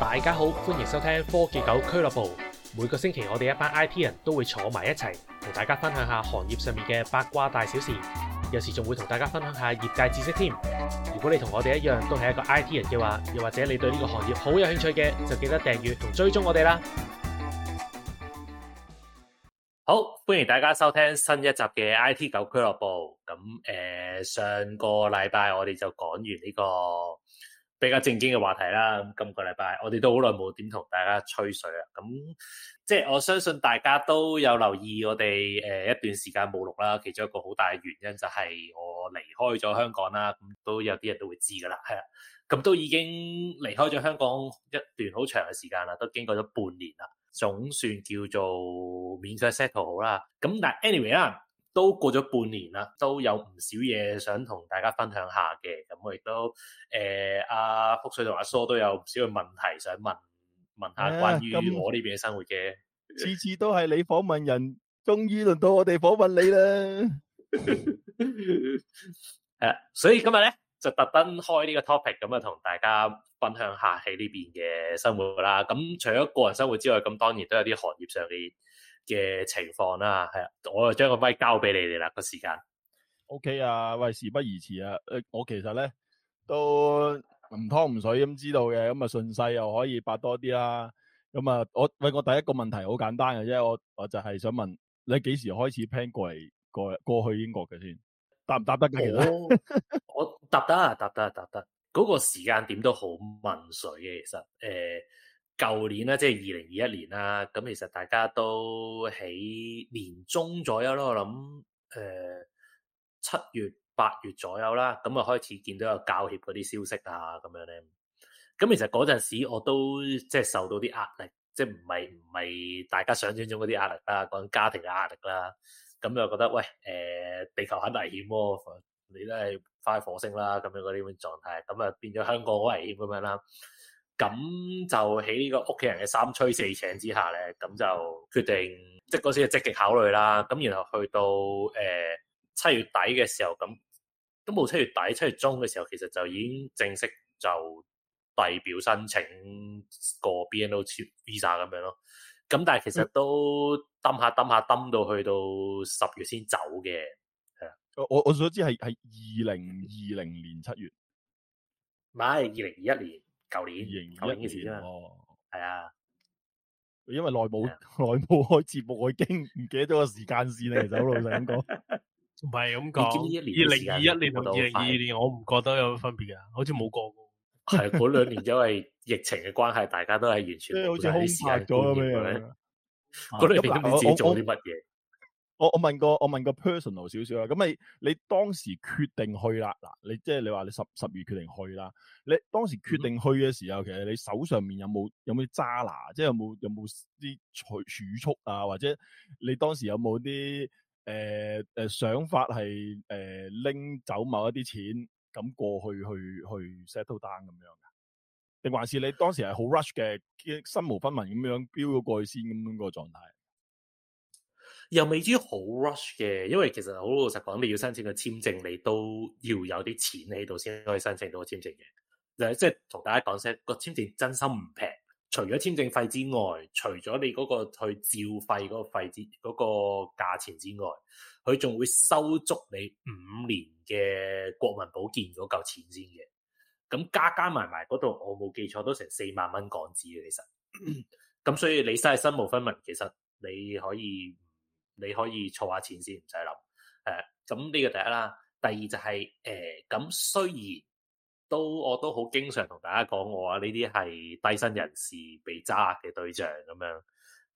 大家好，歡迎收聽科技狗俱樂部。每個星期我哋一班 I T 人都會坐埋一齊，同大家分享下行業上面嘅八卦大小事，有時仲會同大家分享下業界知識添。如果你同我哋一樣都係一個 I T 人嘅話，又或者你對呢個行業好有興趣嘅，就記得訂閱同追蹤我哋啦。好，歡迎大家收聽新一集嘅 I T 狗俱樂部。咁誒、呃，上個禮拜我哋就講完呢、這個。比較正經嘅話題啦，咁今個禮拜我哋都好耐冇點同大家吹水啦，咁即係我相信大家都有留意我哋誒、呃、一段時間冇錄啦，其中一個好大嘅原因就係我離開咗香港啦，咁都有啲人都會知噶啦，係啦，咁都已經離開咗香港一段好長嘅時間啦，都經過咗半年啦，總算叫做勉強 settle 好啦，咁但係 anyway 啦。都過咗半年啦，都有唔少嘢想同大家分享下嘅，咁我亦都誒，阿、呃啊、福水同阿蘇都有唔少嘅問題想問問下關於我呢邊嘅生活嘅，次、啊、次都係你訪問人，終於輪到我哋訪問你啦。誒，所以今日咧就特登開呢個 topic，咁啊同大家分享下喺呢邊嘅生活啦。咁、嗯、除咗個人生活之外，咁當然都有啲行業上嘅。嘅情況啦，係啊，我就將個咪交俾你哋啦，這個時間。OK 啊，喂，事不宜遲啊，誒，我其實咧都唔湯唔水咁知道嘅，咁啊順勢又可以白多啲啦。咁啊，我喂，我第一個問題好簡單嘅啫，我我就係想問你幾時開始 plan 過嚟過過去英國嘅先？答唔答得嘅？我， 我答得啊，答得啊，答得。嗰個時間點都好問水嘅，其實誒。呃舊年啦，即係二零二一年啦，咁其實大家都喺年中左右咯，我諗誒七月八月左右啦，咁啊開始見到有教協嗰啲消息啊，咁樣咧，咁其實嗰陣時我都即係受到啲壓力，即係唔係唔係大家想象中嗰啲壓力啦，講家庭嘅壓力啦，咁又覺得喂誒、呃，地球很危險喎，你都係翻去火星啦，咁樣嗰啲咁嘅狀態，咁啊變咗香港好危險咁樣啦。咁就喺呢個屋企人嘅三催四請之下咧，咁就決定，即係嗰時就積極考慮啦。咁然後去到誒七月底嘅時候，咁都冇七月底，七月中嘅時候其實就已經正式就遞表申請個 BNO visa 咁樣咯。咁但係其實都揼下揼下揼到去到十月先走嘅。係啊，我我所知係係二零二零年七月，唔係二零二一年。舊年，二零二零年哦，係啊，因為內部內部開節目我已經唔記得咗個時間線啦，其實好老實咁講，唔係咁講。二零二一年同二零二二年，我唔覺得有乜分別噶，好似冇過噶。係嗰兩年因為疫情嘅關係，大家都係完全好似空閒咗咁樣。嗰兩年根本自己做啲乜嘢？我我問個我問個 personal 少少啊，咁你你當時決定去啦，嗱你即係你話你十十二月決定去啦，你當時決定去嘅時候，其實你手上面有冇有冇揸拿，即係有冇有冇啲儲儲蓄啊，或者你當時有冇啲誒誒想法係誒拎走某一啲錢咁過去去去 settle down 咁樣嘅，定還是你當時係好 rush 嘅，身無分文咁樣標咗過去先咁樣嗰個狀態？又未至於好 rush 嘅，因為其實好老實講，你要申請個簽證，你都要有啲錢喺度先可以申請到個簽證嘅。就係即係同大家講聲，個簽證真心唔平，除咗簽證費之外，除咗你嗰個去照費嗰個費之嗰、嗰個、價錢之外，佢仲會收足你五年嘅國民保健嗰嚿錢先嘅。咁加加埋埋嗰度，我冇記錯都成四萬蚊港紙嘅，其實。咁 所以你真係身無分文，其實你可以。你可以儲下錢先，唔使諗。誒，咁呢個第一啦。第二就係、是、誒，咁、呃、雖然都我都好經常同大家講，我話呢啲係低薪人士被揸嘅對象咁樣。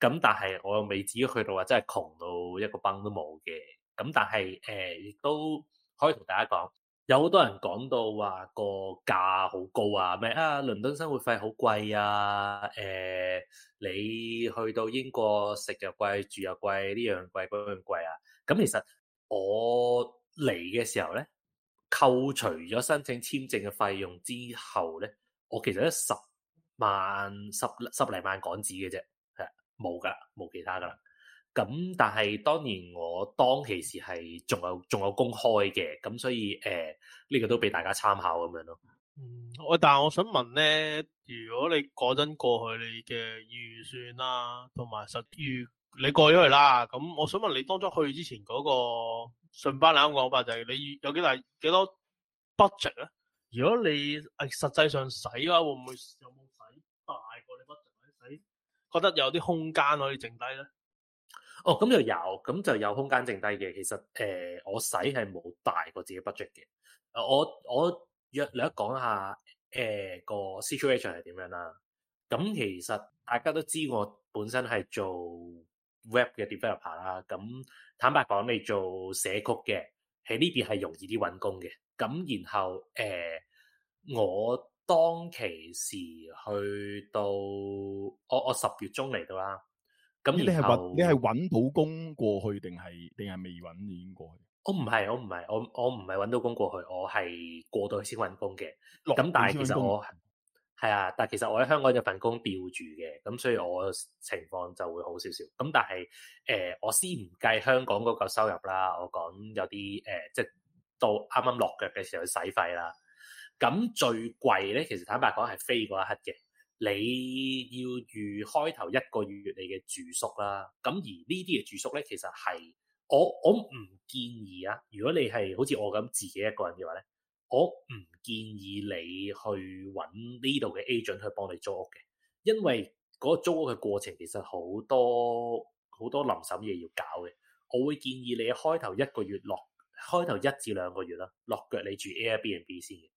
咁但係我又未至於去到話真係窮到一個崩都冇嘅。咁但係誒、呃，亦都可以同大家講。有好多人講到話個價好高啊，咩、就是、啊倫敦生活費好貴啊，誒、呃，你去到英國食又貴住又貴，呢樣貴嗰樣貴啊，咁、嗯、其實我嚟嘅時候咧，扣除咗申請簽證嘅費用之後咧，我其實得十萬十十零萬港紙嘅啫，係冇噶，冇其他噶啦。咁但係當年我當其時係仲有仲有公開嘅，咁所以誒呢、呃這個都俾大家參考咁樣咯。我、嗯、但係我想問咧，如果你嗰陣過去你嘅預算、啊、啦，同埋實預你過咗去啦，咁我想問你當初去之前嗰、那個順巴欖嘅諗法就係、是、你有幾大幾多,多 budget 咧？如果你誒實際上使嘅話，會唔會有冇使大過你 budget 咧？使覺得有啲空間可以剩低咧？哦，咁就有，咁就有空間剩低嘅。其實，誒、呃，我使係冇大過自己 budget 嘅、呃。我我約略講下，誒、呃、個 situation 係點樣啦。咁、啊、其實大家都知，我本身係做 web 嘅 developer 啦、啊。咁、啊、坦白講，你做社曲嘅喺呢邊係容易啲揾工嘅。咁然後，誒、啊啊，我當其時去到，我我十月中嚟到啦。咁你係揾，你係揾到工過去定係定係未揾已經過去？我唔係，我唔係，我我唔係揾到工過去，我係過到去先揾工嘅。咁下但係才 其實我係啊，但係其實我喺香港有份工吊住嘅，咁所以我情況就會好少少。咁但係誒、呃，我先唔計香港嗰個收入啦，我講有啲誒、呃，即係到啱啱落腳嘅時候去使費啦。咁最貴咧，其實坦白講係飛嗰一刻嘅。你要預開頭一個月你嘅住宿啦，咁而呢啲嘅住宿咧，其實係我我唔建議啊。如果你係好似我咁自己一個人嘅話咧，我唔建議你去揾呢度嘅 agent 去幫你租屋嘅，因為嗰個租屋嘅過程其實好多好多臨審嘢要搞嘅。我會建議你開頭一個月落，開頭一至兩個月啦，落腳你住 Airbnb 先嘅。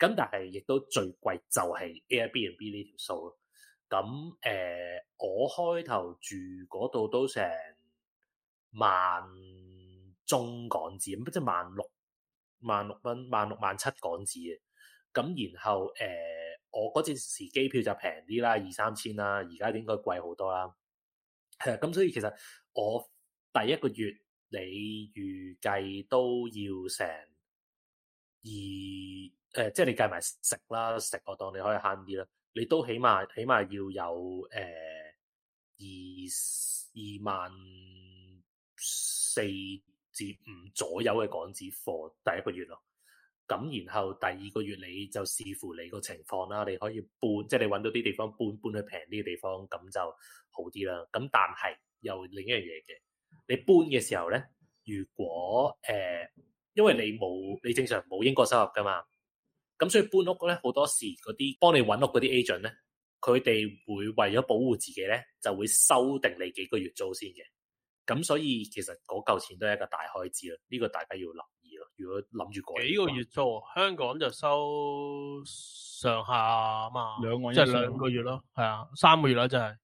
咁但係亦都最貴就係 Airbnb 呢條數咯。咁誒、呃，我開頭住嗰度都成萬中港紙，咁即係萬六萬六蚊，萬六萬七港紙嘅。咁然後誒、呃，我嗰陣時機票就平啲啦，二三千啦。而家應該貴好多啦。係咁所以其實我第一個月你預計都要成二。誒、呃，即係你計埋食啦，食嗰檔你可以慳啲啦，你都起碼起碼要有誒、呃、二二萬四至五左右嘅港紙貨第一個月咯，咁然後第二個月你就視乎你個情況啦，你可以搬，即係你搵到啲地方搬搬去平啲嘅地方，咁就好啲啦。咁但係又另一樣嘢嘅，你搬嘅時候咧，如果誒、呃，因為你冇你正常冇英國收入噶嘛。咁所以搬屋咧，好多時嗰啲幫你揾屋嗰啲 agent 咧，佢哋會為咗保護自己咧，就會收定你幾個月租先嘅。咁所以其實嗰嚿錢都係一個大開支啦，呢、這個大家要留意咯。如果諗住過幾個月租，香港就收上下啊嘛，兩個即係兩個月咯，係啊的，三個月啦，真、就、係、是、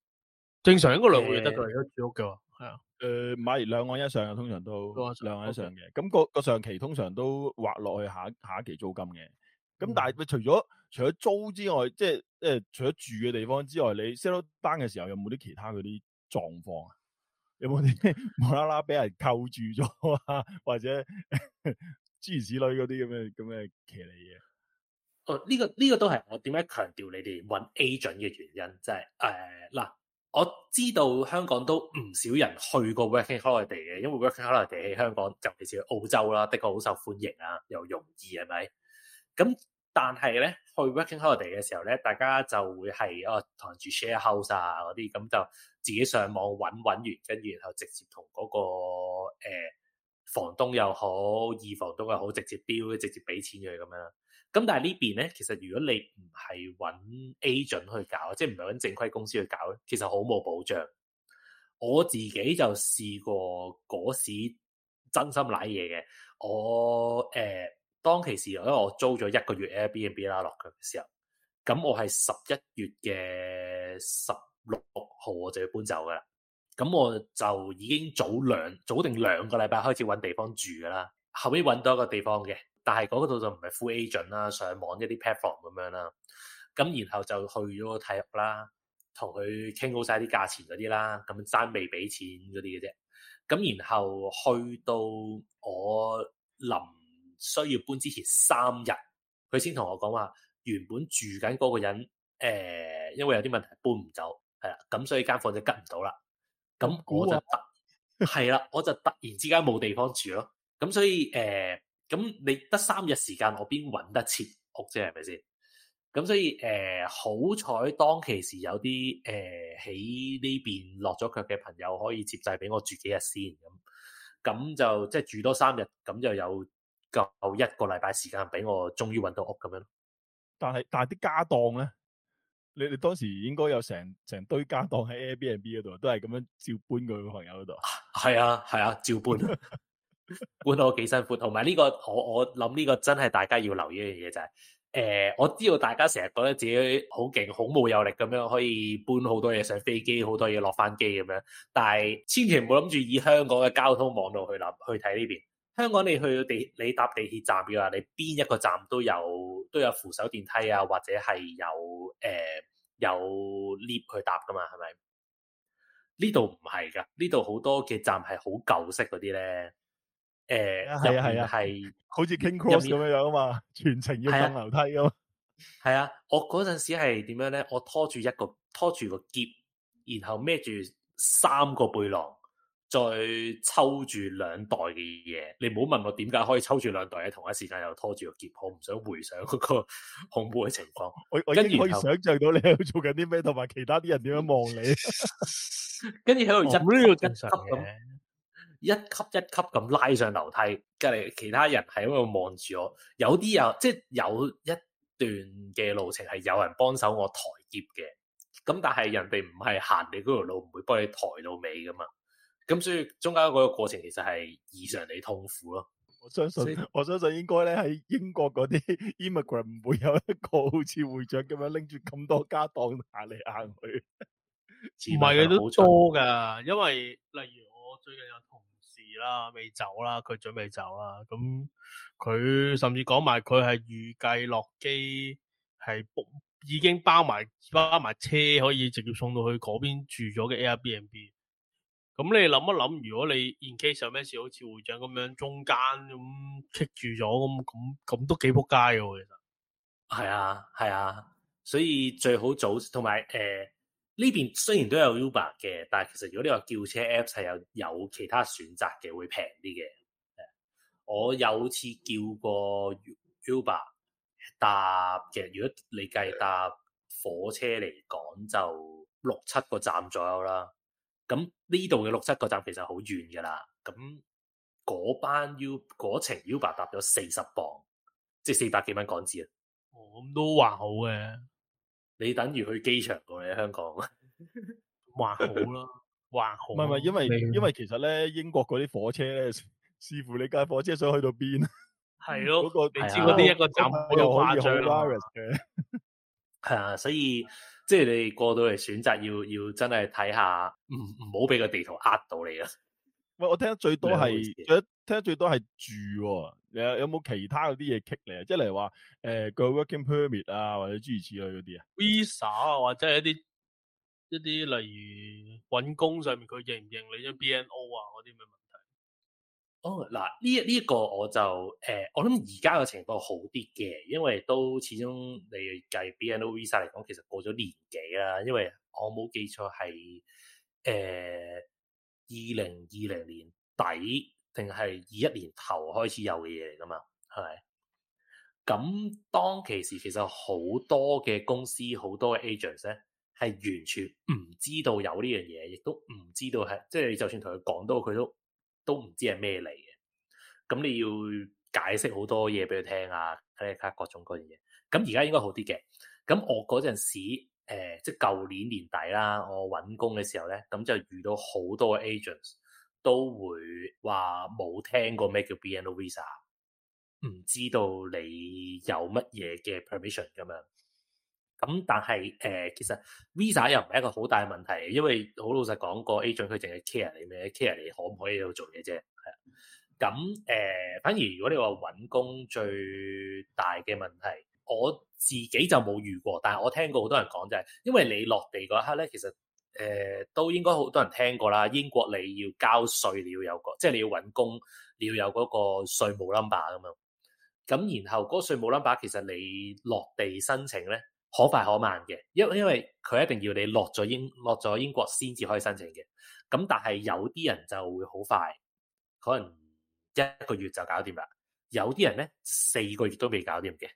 正常應該兩個月得㗎，而家住屋嘅，係啊的。誒的，買、呃、兩萬一上通常都兩萬一上嘅，咁 okay.、那個個上期通常都劃落去下下一期租金嘅。咁、嗯、但係佢除咗除咗租之外，即係即係除咗住嘅地方之外，你 set up 班嘅時候有冇啲其他嗰啲狀況啊？有冇啲無啦啦俾人扣住咗啊？或者諸如此類嗰啲咁嘅咁嘅奇離嘢？哦，呢、這個呢、這個都係我點解強調你哋揾 agent 嘅原因，即係誒嗱，我知道香港都唔少人去過 working holiday 嘅，因為 working holiday 喺香港，尤其是澳洲啦，的確好受歡迎啊，又容易係咪？咁但係咧，去 working holiday 嘅時候咧，大家就會係哦，同人住 share house 啊嗰啲，咁就自己上網揾揾完，跟住然後直接同嗰個、呃、房東又好，二房東又好，直接標，直接俾錢佢咁樣。咁但係呢邊咧，其實如果你唔係揾 agent 去搞，即係唔係揾正規公司去搞咧，其實好冇保障。我自己就試過嗰時真心賴嘢嘅，我誒。呃當其時，因為我租咗一個月 Airbnb 啦，落腳嘅時候，咁我係十一月嘅十六號，我就要搬走噶啦。咁我就已經早兩早定兩個禮拜開始揾地方住噶啦。後尾揾到一個地方嘅，但係嗰度就唔係 full agent 啦，上網一啲 platform 咁樣啦。咁然後就去咗個睇屋啦，同佢傾好晒啲價錢嗰啲啦，咁爭未俾錢嗰啲嘅啫。咁然後去到我臨需要搬之前三日，佢先同我講話，原本住緊嗰個人，誒、呃，因為有啲問題搬唔走，係啦，咁所以間房間就吉唔到啦。咁我就突係啦、哦，我就突然之間冇地方住咯。咁所以誒，咁、呃、你得三日時間，我邊搵得切屋啫，係咪先？咁所以誒，呃、好彩當其時有啲誒喺呢邊落咗腳嘅朋友可以接濟俾我住幾日先，咁咁就即係住多三日，咁就有。夠一個禮拜時間俾我，終於搵到屋咁樣。但係但係啲家當咧，你哋當時應該有成成堆家當喺 Airbnb 嗰度，都係咁樣照搬佢朋友嗰度。係 啊係啊，照搬， 搬到幾辛苦。同埋呢個，我我諗呢個真係大家要留意一樣嘢，就係、是，誒、呃，我知道大家成日覺得自己好勁、好冇有力咁樣，可以搬好多嘢上飛機，好多嘢落翻機咁樣。但係千祈唔好諗住以香港嘅交通網絡去諗，去睇呢邊。香港你去到地，你搭地鐵站，嘅話你邊一個站都有都有扶手電梯啊，或者係有誒、呃、有 lift 去搭噶嘛？係咪？呢度唔係噶，呢度好多嘅站係好舊式嗰啲咧。誒面，入面係好似 King Cross 咁樣樣啊嘛，全程要上樓梯啊嘛。係 啊，我嗰陣時係點樣咧？我拖住一個拖住個喼，然後孭住三個背囊，再抽住兩袋嘅嘢，你唔好問我點解可以抽住兩袋喺同一時間又拖住個喼，我唔想回想嗰個恐怖嘅情況。我我已經可以后想象到你喺度做緊啲咩，同埋其他啲人點樣望你。跟住喺度，一級一級咁拉上樓梯，隔籬其他人係喺度望住我。有啲又即係有一段嘅路程係有人幫手我抬喼嘅，咁但係人哋唔係行你嗰條路，唔會幫你抬到尾㗎嘛。咁所以中間嗰個過程其實係異常地痛苦咯、啊。我相信以我相信應該咧喺英國嗰啲 immigrant 唔會有一個好似會長咁樣拎住咁多家當行嚟行去。唔係佢都多噶， 因為例如我最近有同事啦，未走啦，佢準備走啦。咁佢甚至講埋佢係預計落機係已經包埋包埋車，可以直接送到去嗰邊住咗嘅 Airbnb。咁你諗一諗，如果你 in case 有咩事，好似會長咁樣中間咁棘住咗咁，咁咁都幾仆街嘅。其實係啊，係啊，所以最好早，同埋誒呢邊雖然都有 Uber 嘅，但係其，其，、呃、其實如果你話叫車 Apps 係有有其他選擇嘅，會平啲嘅。我有次叫過 Uber 搭，嘅，如果你計搭火車嚟講，就六七個站左右啦。咁呢度嘅六七個站其實好遠噶啦，咁、嗯、嗰班 U 嗰程 Uber 搭咗四十磅，即係四百幾蚊港紙啊。哦，咁都還好嘅。你等於去機場過嚟香港。還好啦，還好。唔係唔係 因為因為其實咧英國嗰啲火車咧，視乎你架火車想去到邊。係咯。嗰個你知嗰啲一個站又可以好大嘅。係啊，所以即係你過到嚟選擇要要真係睇下，唔唔好俾個地圖呃到你啊！喂，我聽得最多係，聽得最多係住、啊，有有冇其他嗰啲嘢棘嚟啊？即係例如話，誒個 working permit 啊，或者諸如此類嗰啲啊，visa 啊，或者係一啲一啲例如揾工上面佢認唔認你張 BNO 啊嗰啲咩？嗱，呢一呢一個我就誒、呃，我諗而家嘅情況好啲嘅，因為都始終你計 BNO visa 嚟講，其實過咗年幾啦，因為我冇記錯係誒二零二零年底定係二一年頭開始有嘅嘢嚟㗎嘛，係咪？咁當其時其實好多嘅公司好多嘅 agents 咧，係完全唔知道有呢樣嘢，亦都唔知道係即係就算同佢講多佢都。都唔知係咩嚟嘅，咁你要解釋好多嘢俾佢聽啊，睇下各種各樣嘢。咁而家應該好啲嘅。咁我嗰陣時，誒、呃，即係舊年年底啦，我揾工嘅時候咧，咁就遇到好多 agents 都會話冇聽過咩叫 BNO visa，唔知道你有乜嘢嘅 permission 咁樣。咁、嗯、但係誒、呃，其實 Visa 又唔係一個好大嘅問題，因為好老實講，個 agent 佢淨係 care 你咩，care 你可唔可以喺度做嘢啫。咁誒、嗯呃，反而如果你話搵工最大嘅問題，我自己就冇遇過，但係我聽過好多人講就係、是，因為你落地嗰刻咧，其實誒、呃、都應該好多人聽過啦。英國你要交稅，你要有個，即、就、係、是、你要搵工，你要有嗰個稅務 number 咁樣。咁然後嗰個稅務 number 其實你落地申請咧。可快可慢嘅，因因為佢一定要你落咗英落咗英國先至可以申請嘅。咁但係有啲人就會好快，可能一個月就搞掂啦。有啲人咧，四個月都未搞掂嘅，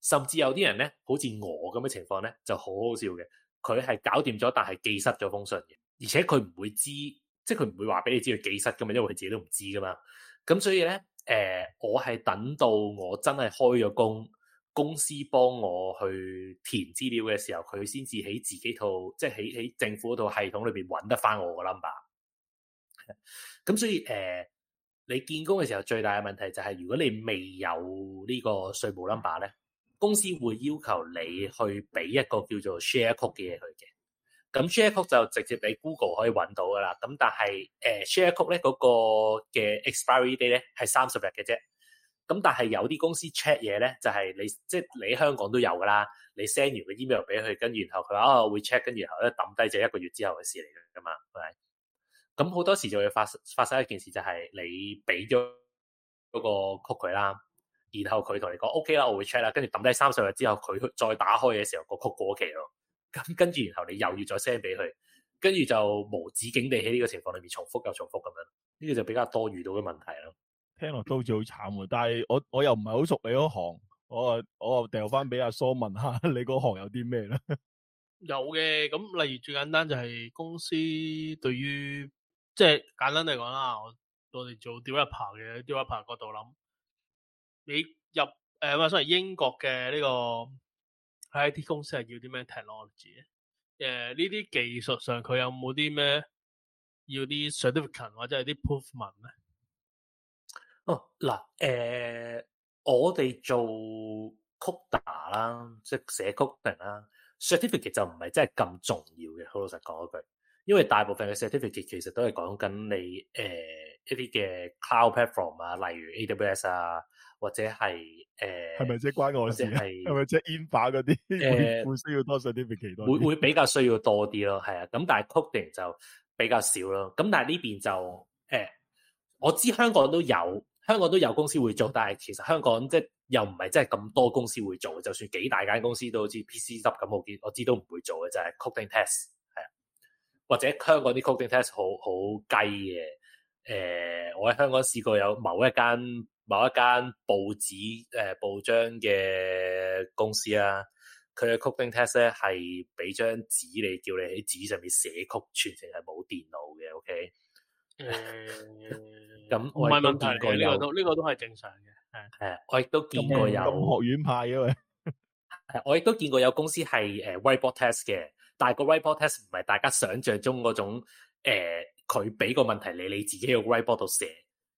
甚至有啲人咧，好似我咁嘅情況咧，就好好笑嘅。佢係搞掂咗，但係寄失咗封信嘅，而且佢唔會知，即係佢唔會話俾你知佢寄失噶嘛，因為佢自己都唔知噶嘛。咁所以咧，誒、呃，我係等到我真係開咗工。公司幫我去填資料嘅時候，佢先至喺自己套，即係喺喺政府套系統裏邊揾得翻我個 number。咁 所以誒、呃，你見工嘅時候最大嘅問題就係、是，如果你未有個稅呢個稅務 number 咧，公司會要求你去俾一個叫做 share code 嘅嘢佢嘅。咁 share code 就直接俾 Google 可以揾到噶啦。咁但係誒、呃、share code 咧，嗰個嘅 expiry day 咧係三十日嘅啫。咁但係有啲公司 check 嘢咧，就係、是、你即係、就是、你香港都有噶啦。你 send 完個 email 俾佢，跟住然後佢話、哦：我會 check，跟住然後咧抌低，就是、一個月之後嘅事嚟噶嘛。係咪？咁好多時就會發生發生一件事，就係你俾咗嗰個 cookie 啦，然後佢同你講：O K 啦，我會 check 啦，跟住抌低三十日之後，佢再打開嘅時候、那個 cookie 過期咯。咁跟住然後你又要再 send 俾佢，跟住就無止境地喺呢個情況裏面重複又重複咁樣。呢、這個就比較多遇到嘅問題咯。聽落都好似好慘喎，但係我我又唔係好熟你嗰行，我我掉翻俾阿蘇問，問下你嗰行有啲咩咧？有嘅，咁例如最簡單就係公司對於即係簡單嚟講啦，我我哋做 develop 嘅、er、develop 嗰、er、度諗你入誒，所謂英國嘅呢個 IT 公司係、yeah, 要啲咩 technology？誒，呢啲技術上佢有冇啲咩要啲 certificate 或者係啲 proof 文咧？哦嗱，誒、呃，我哋做 coder 啦，即係寫 coding 啦，certificate 就唔係真係咁重要嘅。好老實講一句，因為大部分嘅 certificate 其實都係講緊你誒、呃、一啲嘅 cloud platform 啊，例如 AWS 啊，或者係誒係咪即係關我事啊？係咪即係 infa 嗰啲？誒，呃、會需要多 certificate 多啲，會期待會會比較需要多啲咯，係啊。咁但係 coding 就比較少咯。咁但係呢邊就誒、呃，我知香港都有。香港都有公司會做，但係其實香港即係又唔係真係咁多公司會做。就算幾大間公司都好似 PC 執咁，我見我知都唔會做嘅，就係、是、coding test 係啊。或者香港啲 coding test 好好雞嘅。誒、呃，我喺香港試過有某一間某一間報紙誒、呃、報章嘅公司啊，佢嘅 coding test 咧係俾張紙你叫你喺紙上面寫 code，全程係冇電腦嘅。OK，誒、嗯。咁我亦都見過呢個都呢個都係正常嘅。係、嗯。我亦都見過有學院派嘅、啊， 我亦都見過有公司係誒 whiteboard test 嘅，但係個 whiteboard test 唔係大家想象中嗰種，佢俾、呃、個問題你你自己喺 whiteboard 度寫，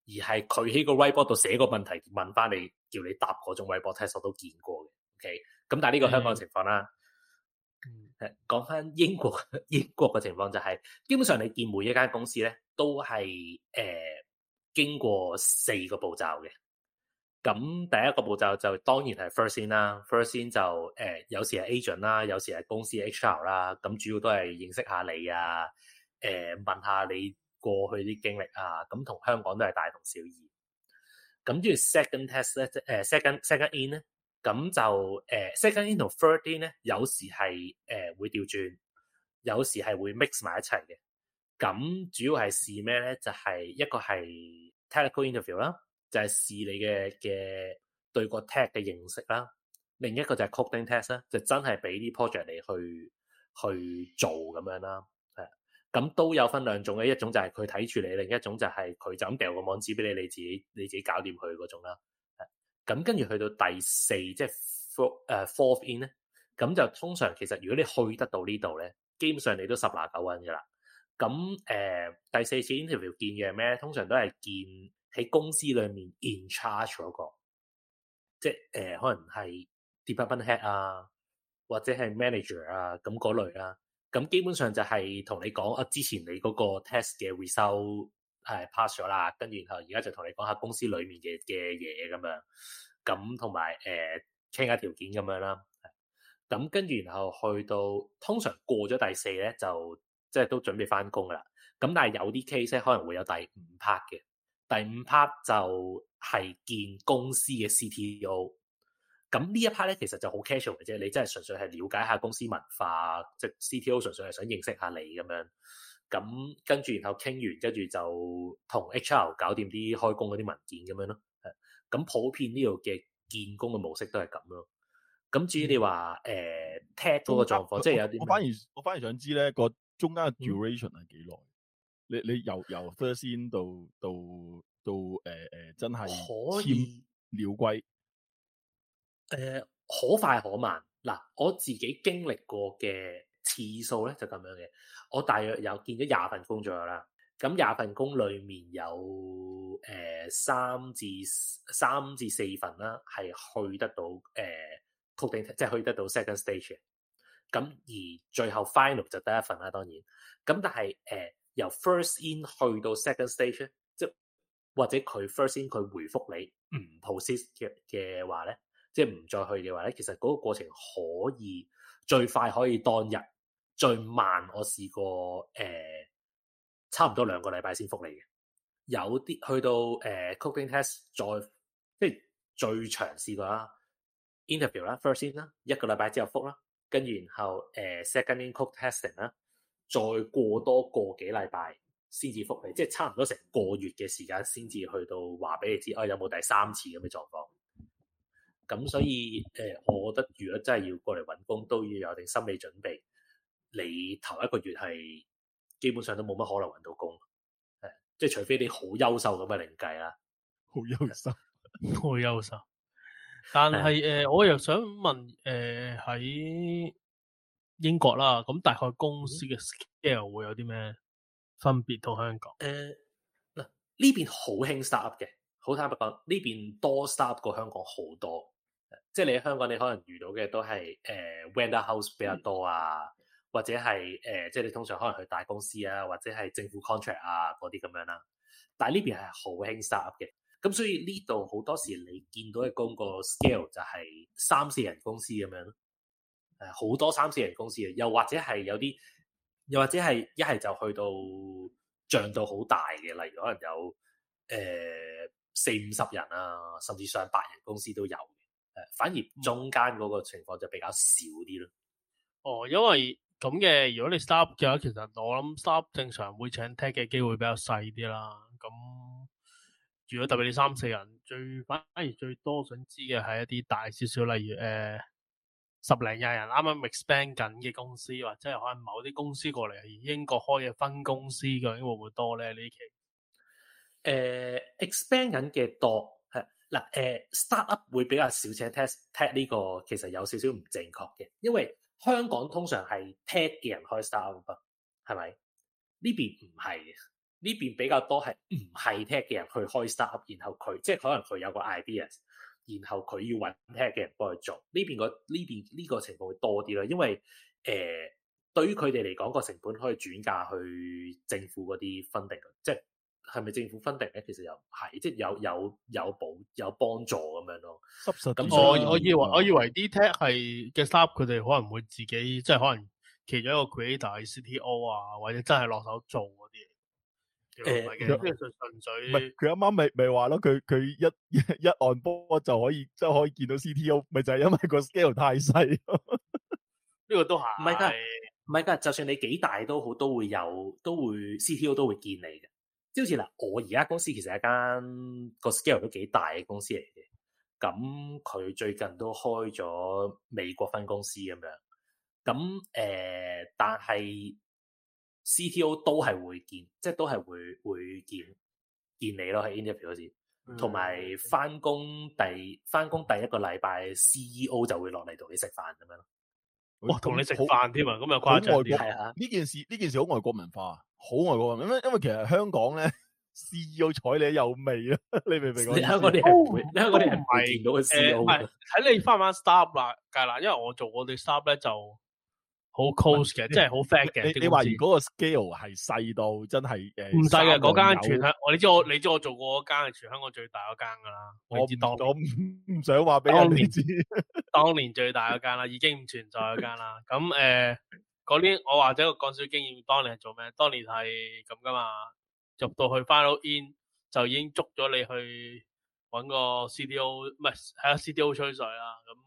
而係佢喺個 whiteboard 度寫個問題問翻你，叫你答嗰種 whiteboard test 我都見過嘅。OK，咁但係呢個香港情況啦。嗯，講翻英國 英國嘅情況就係、是、基本上你見每一間公司咧都係誒。呃經過四個步驟嘅，咁第一個步驟就當然係 first in 啦，first in 就誒、呃、有時係 agent 啦，有時係公司 HR 啦，咁主要都係認識下你啊，誒、呃、問下你過去啲經歷啊，咁、啊、同香港都係大同小異。咁跟住 second test 咧、呃，誒 second second in 咧，咁就誒、呃、second in 同 third in 咧，有時係誒、呃、會調轉，有時係會 mix 埋一齊嘅。咁主要係試咩咧？就係、是、一個係 technical interview 啦，就係試你嘅嘅對個 tech 嘅認識啦。另一個就係 coding test 啦，就真係俾啲 project 你去去做咁樣啦。誒，咁都有分兩種嘅，一種就係佢睇住你，另一種就係佢就咁掉個網址俾你，你自己你自己搞掂佢嗰種啦。誒，咁跟住去到第四即係、就是、four、呃、fourth in 咧，咁就通常其實如果你去得到呢度咧，基本上你都十拿九穩噶啦。咁誒、呃、第四次 Interview 見嘅係咩咧？通常都係見喺公司裡面 in charge 嗰、那個，即係誒、呃、可能係 department head 啊，或者係 manager 啊咁嗰類啦、啊。咁基本上就係同你講啊，之前你嗰個 test 嘅 result 係 pass 咗啦，跟住然後而家就同你講下公司裡面嘅嘅嘢咁樣，咁同埋誒傾下條件咁樣啦。咁跟住然後去到通常過咗第四咧就。即係都準備翻工啦，咁但係有啲 case 可能會有第五 part 嘅，第五 part 就係見公司嘅 CTO。咁呢一 part 咧其實就好 casual 嘅啫，你真係純粹係了解下公司文化，即係 CTO 純粹係想認識下你咁樣。咁跟住然後傾完，跟住就同 HR 搞掂啲開工嗰啲文件咁樣咯。誒，咁普遍呢度嘅見工嘅模式都係咁咯。咁至於你話誒 tag 嗰個狀況，我即係有啲我，我，我反而我反而想知咧個。中間嘅 duration 係幾耐？你你由由 first in 到到到誒誒、呃、真係簽鳥龜誒可快可慢嗱，我自己經歷過嘅次數咧就咁、是、樣嘅。我大約有見咗廿份工左右啦，咁廿份工裏面有誒三、呃、至三至四份啦，係去得到誒確、呃、定，即係去得到 second station 咁而最後 final 就得一份啦，當然。咁但係誒、呃、由 first in 去到 second stage，咧，即係或者佢 first in 佢回覆你唔 process 嘅嘅話咧，即係唔再去嘅話咧，其實嗰個過程可以最快可以當日，最慢我試過誒、呃、差唔多兩個禮拜先覆你嘅。有啲去到誒、呃、cooking test 再即係最長試過啦 interview 啦 first in 啦一個禮拜之後覆啦。跟住然後，誒、呃、seconding testing 啦，再過多個幾禮拜先至覆你，即係差唔多成個月嘅時間先至去到話俾你知，哦有冇第三次咁嘅狀況？咁所以誒、呃，我覺得如果真係要過嚟揾工，都要有定心理準備。你頭一個月係基本上都冇乜可能揾到工，誒，即係除非你好優秀咁嘅另計啦。好優秀，好優 秀。但係誒、呃，我又想問誒，喺、呃、英國啦，咁大概公司嘅 scale、嗯、會有啲咩分別到香港？誒、呃，嗱呢邊好興 startup 嘅，好坦白講，呢邊多 startup 過香港好多。即係你喺香港，你可能遇到嘅都係誒、呃、vendor house 比較多啊，或者係誒、呃，即係你通常可能去大公司啊，或者係政府 contract 啊嗰啲咁樣啦、啊。但係呢邊係好興 startup 嘅。咁所以呢度好多時，你見到嘅嗰個 scale 就係三四人公司咁樣誒，好、呃、多三四人公司嘅，又或者係有啲，又或者係一係就去到漲到好大嘅，例如可能有誒四五十人啊，甚至上百人公司都有誒、呃。反而中間嗰個情況就比較少啲咯。哦，因為咁嘅，如果你 stop 嘅話，其實我諗 stop 正常會請 take 嘅機會比較細啲啦。咁。如果特別你三四人，最反而最多想知嘅係一啲大少少，例如誒、呃、十零廿人，啱啱 expand 緊嘅公司，或者係可能某啲公司過嚟英國開嘅分公司，究竟會唔會多咧？呢期誒 expand 緊嘅多係嗱誒，startup 會比較少，且 test test 呢個其實有少少唔正確嘅，因為香港通常係 test 嘅人開 startup，係咪呢邊唔係？呢邊比較多係唔係 tech 嘅人去開 startup 然後佢即係可能佢有個 ideas 然後佢要揾 tech 嘅人幫佢做。呢邊個呢邊呢個情況會多啲咯，因為誒、呃、對於佢哋嚟講個成本可以轉嫁去政府嗰啲 funding，即係係咪政府 funding 咧？其實又唔係，即係有有有補有幫助咁樣咯。咁我我以為、嗯、我以為啲、嗯、tech 係嘅 startup 佢哋可能會自己即係、就是、可能其中一個 creator、CTO 啊，或者真係落手做。誒，純粹是，佢啱啱咪咪話咯，佢佢一 一按波就可以，即係可以見到 CTO，咪就係因為個 scale 太細咯，呢 個都係。唔係噶，唔係噶，就算你幾大都好，都會有，都會 CTO 都會見你嘅。即好似嗱，我而家公司其實係間個 scale 都幾大嘅公司嚟嘅，咁佢最近都開咗美國分公司咁樣，咁誒、呃，但係。C T O 都係會見，即、就、係、是、都係會會見見你咯，喺 interview 嗰時，同埋返工第返工第一個禮拜，C E O 就會落嚟同你食飯咁樣咯。哇，同你食飯添啊，咁又誇張啲係啊！呢件事呢是、啊、件事好外國文化，好外國文化，因為其實香港咧，C E O 睬你有味啊。你明唔明？你 香港啲人唔會，你、oh, 香港啲人唔係、oh, 見到嘅事咯。唔係睇你返返 start 啦，梗係啦，因為我做我哋 start 咧就。好 close 嘅，cl 你即係好 fat 嘅。你你話如果個 scale 係細到真係誒，唔細嘅，嗰間全香。我你知我你知我做過間係全香港最大嗰間噶啦。我唔我唔想話俾你，年你知。當年最大嗰間啦， 已經唔存在嗰間啦。咁誒嗰年我或者我講少少經驗。當年係做咩？當年係咁噶嘛。入到去 Final In 就已經捉咗你去搵個 CDO，唔係係啊 CDO 吹水啦，咁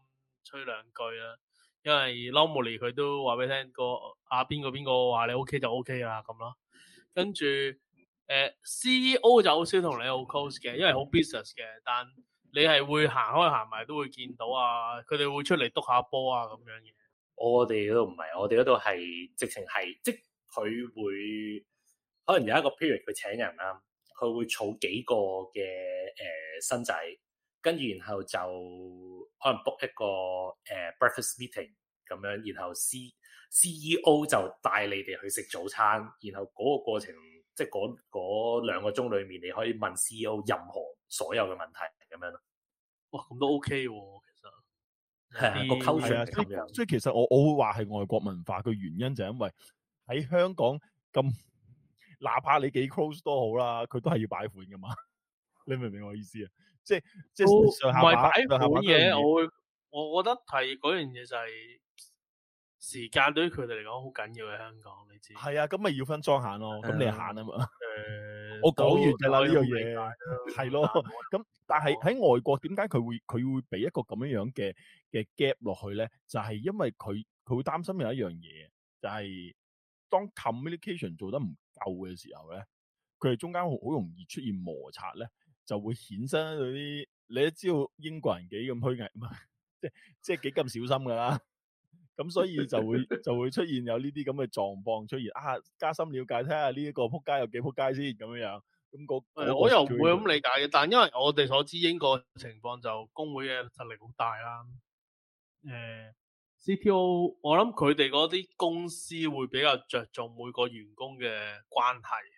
吹兩句啦。因為 normally 佢都話俾你聽個阿邊個邊個話你 OK 就 OK 啊，咁咯，跟住誒、呃、C E O 就好少同你好 close 嘅，因為好 business 嘅，但你係會行開行埋都會見到啊，佢哋會出嚟督下波啊咁樣嘅。我哋嗰度唔係，我哋嗰度係直情係，即佢會可能有一個 period 佢請人啦，佢會儲幾個嘅誒、呃、新仔，跟住然後就。可能 book 一個誒、uh, breakfast meeting 咁樣，然後 C CEO 就帶你哋去食早餐，然後嗰個過程即係嗰嗰兩個鐘裏面，你可以問 CEO 任何所有嘅問題咁樣咯。哇，咁都 OK 喎、啊，其實係個 close 啊，咁樣。所以其實我我會話係外國文化嘅原因，就係因為喺香港咁，哪怕你幾 close 都好啦，佢都係要擺款㗎嘛。你明唔明我意思啊？即係即係上下打，唔係擺嘢。我會，我覺得係嗰樣嘢就係時間對於佢哋嚟講好緊要嘅。香港，你知係啊？咁咪要分裝限咯。咁你限啊嘛。誒，我講完噶啦呢樣嘢，係咯。咁但係喺外國，點解佢會佢會俾一個咁樣樣嘅嘅 gap 落去咧？就係因為佢佢會擔心有一樣嘢，就係當 communication 做得唔夠嘅時候咧，佢哋中間好容易出現摩擦咧。就會衍生嗰啲，你都知道英國人幾咁虛偽，唔係即即係幾咁小心噶啦。咁 所以就會 就會出現有呢啲咁嘅狀況出現。啊，加深了解，睇下呢一個撲街有幾撲街先咁樣樣。咁我又唔會咁理解嘅，但因為我哋所知英國情況就工會嘅實力好大啦。誒、呃、CPO，我諗佢哋嗰啲公司會比較着重每個員工嘅關係。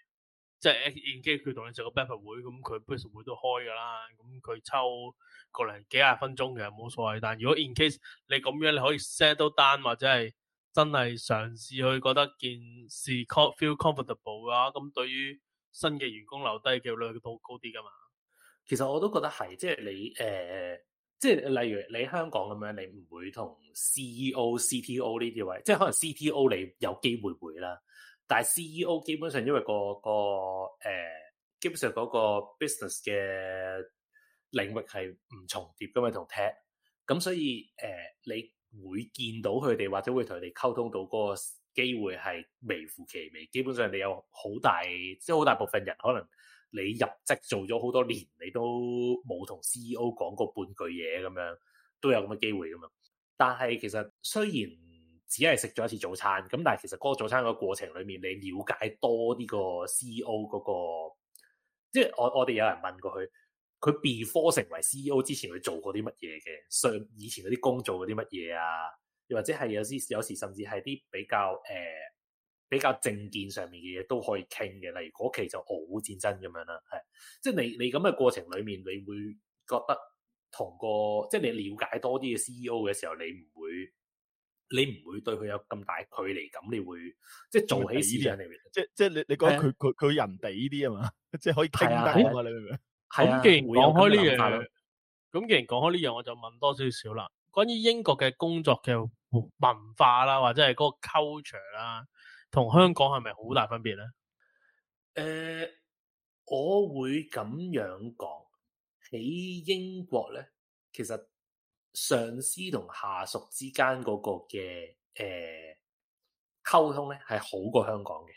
即係 in case 佢同你做個 benefit 會，咁佢 benefit 會都開噶啦。咁佢抽個零幾廿分鐘嘅冇所謂。但如果 in case 你咁樣，你可以 set 到單或者係真係嘗試去覺得件事 con feel comfortable 嘅話，咁對於新嘅員工留低嘅率都高啲噶嘛。其實我都覺得係，即係你誒、呃，即係例如你香港咁樣，你唔會同 CEO、CTO 呢啲位，即係可能 CTO 你有機會會啦。但係 CEO 基本上因為、嗰個、嗰個、誒、呃、基本上嗰個 business 嘅領域係唔重疊嘅嘛，同 Tech 咁，所以誒、呃、你會見到佢哋或者會同佢哋溝通到個機會係微乎其微。基本上你有好大，即係好大部分人可能你入職做咗好多年，你都冇同 CEO 講過半句嘢咁樣都有咁嘅機會，咁樣。但係其實雖然只係食咗一次早餐，咁但係其實嗰個早餐個過程裏面，你了解多啲個 C E O 嗰、那個，即係我我哋有人問過佢，佢 b 科成為 C E O 之前佢做過啲乜嘢嘅？上以前嗰啲工做嗰啲乜嘢啊？又或者係有啲有時甚至係啲比較誒、呃、比較政見上面嘅嘢都可以傾嘅。例如嗰期就好戰爭咁樣啦，係即係你你咁嘅過程裏面，你會覺得同個即係你了解多啲嘅 C E O 嘅時候，你唔會。你唔會對佢有咁大距離感，你會即係做起呢啲嘢，你即係即係你你講佢佢佢人哋呢啲啊嘛，即係可以傾得啊嘛，你明唔明？咁、啊嗯、既然講開呢樣，咁、啊、既然講開呢樣，我就問多少少啦。關於英國嘅工作嘅文化啦，或者係嗰個 culture 啦，同香港係咪好大分別咧？誒、欸，我會咁樣講喺英國咧，其實。上司同下屬之間嗰個嘅誒溝通咧，係好過香港嘅。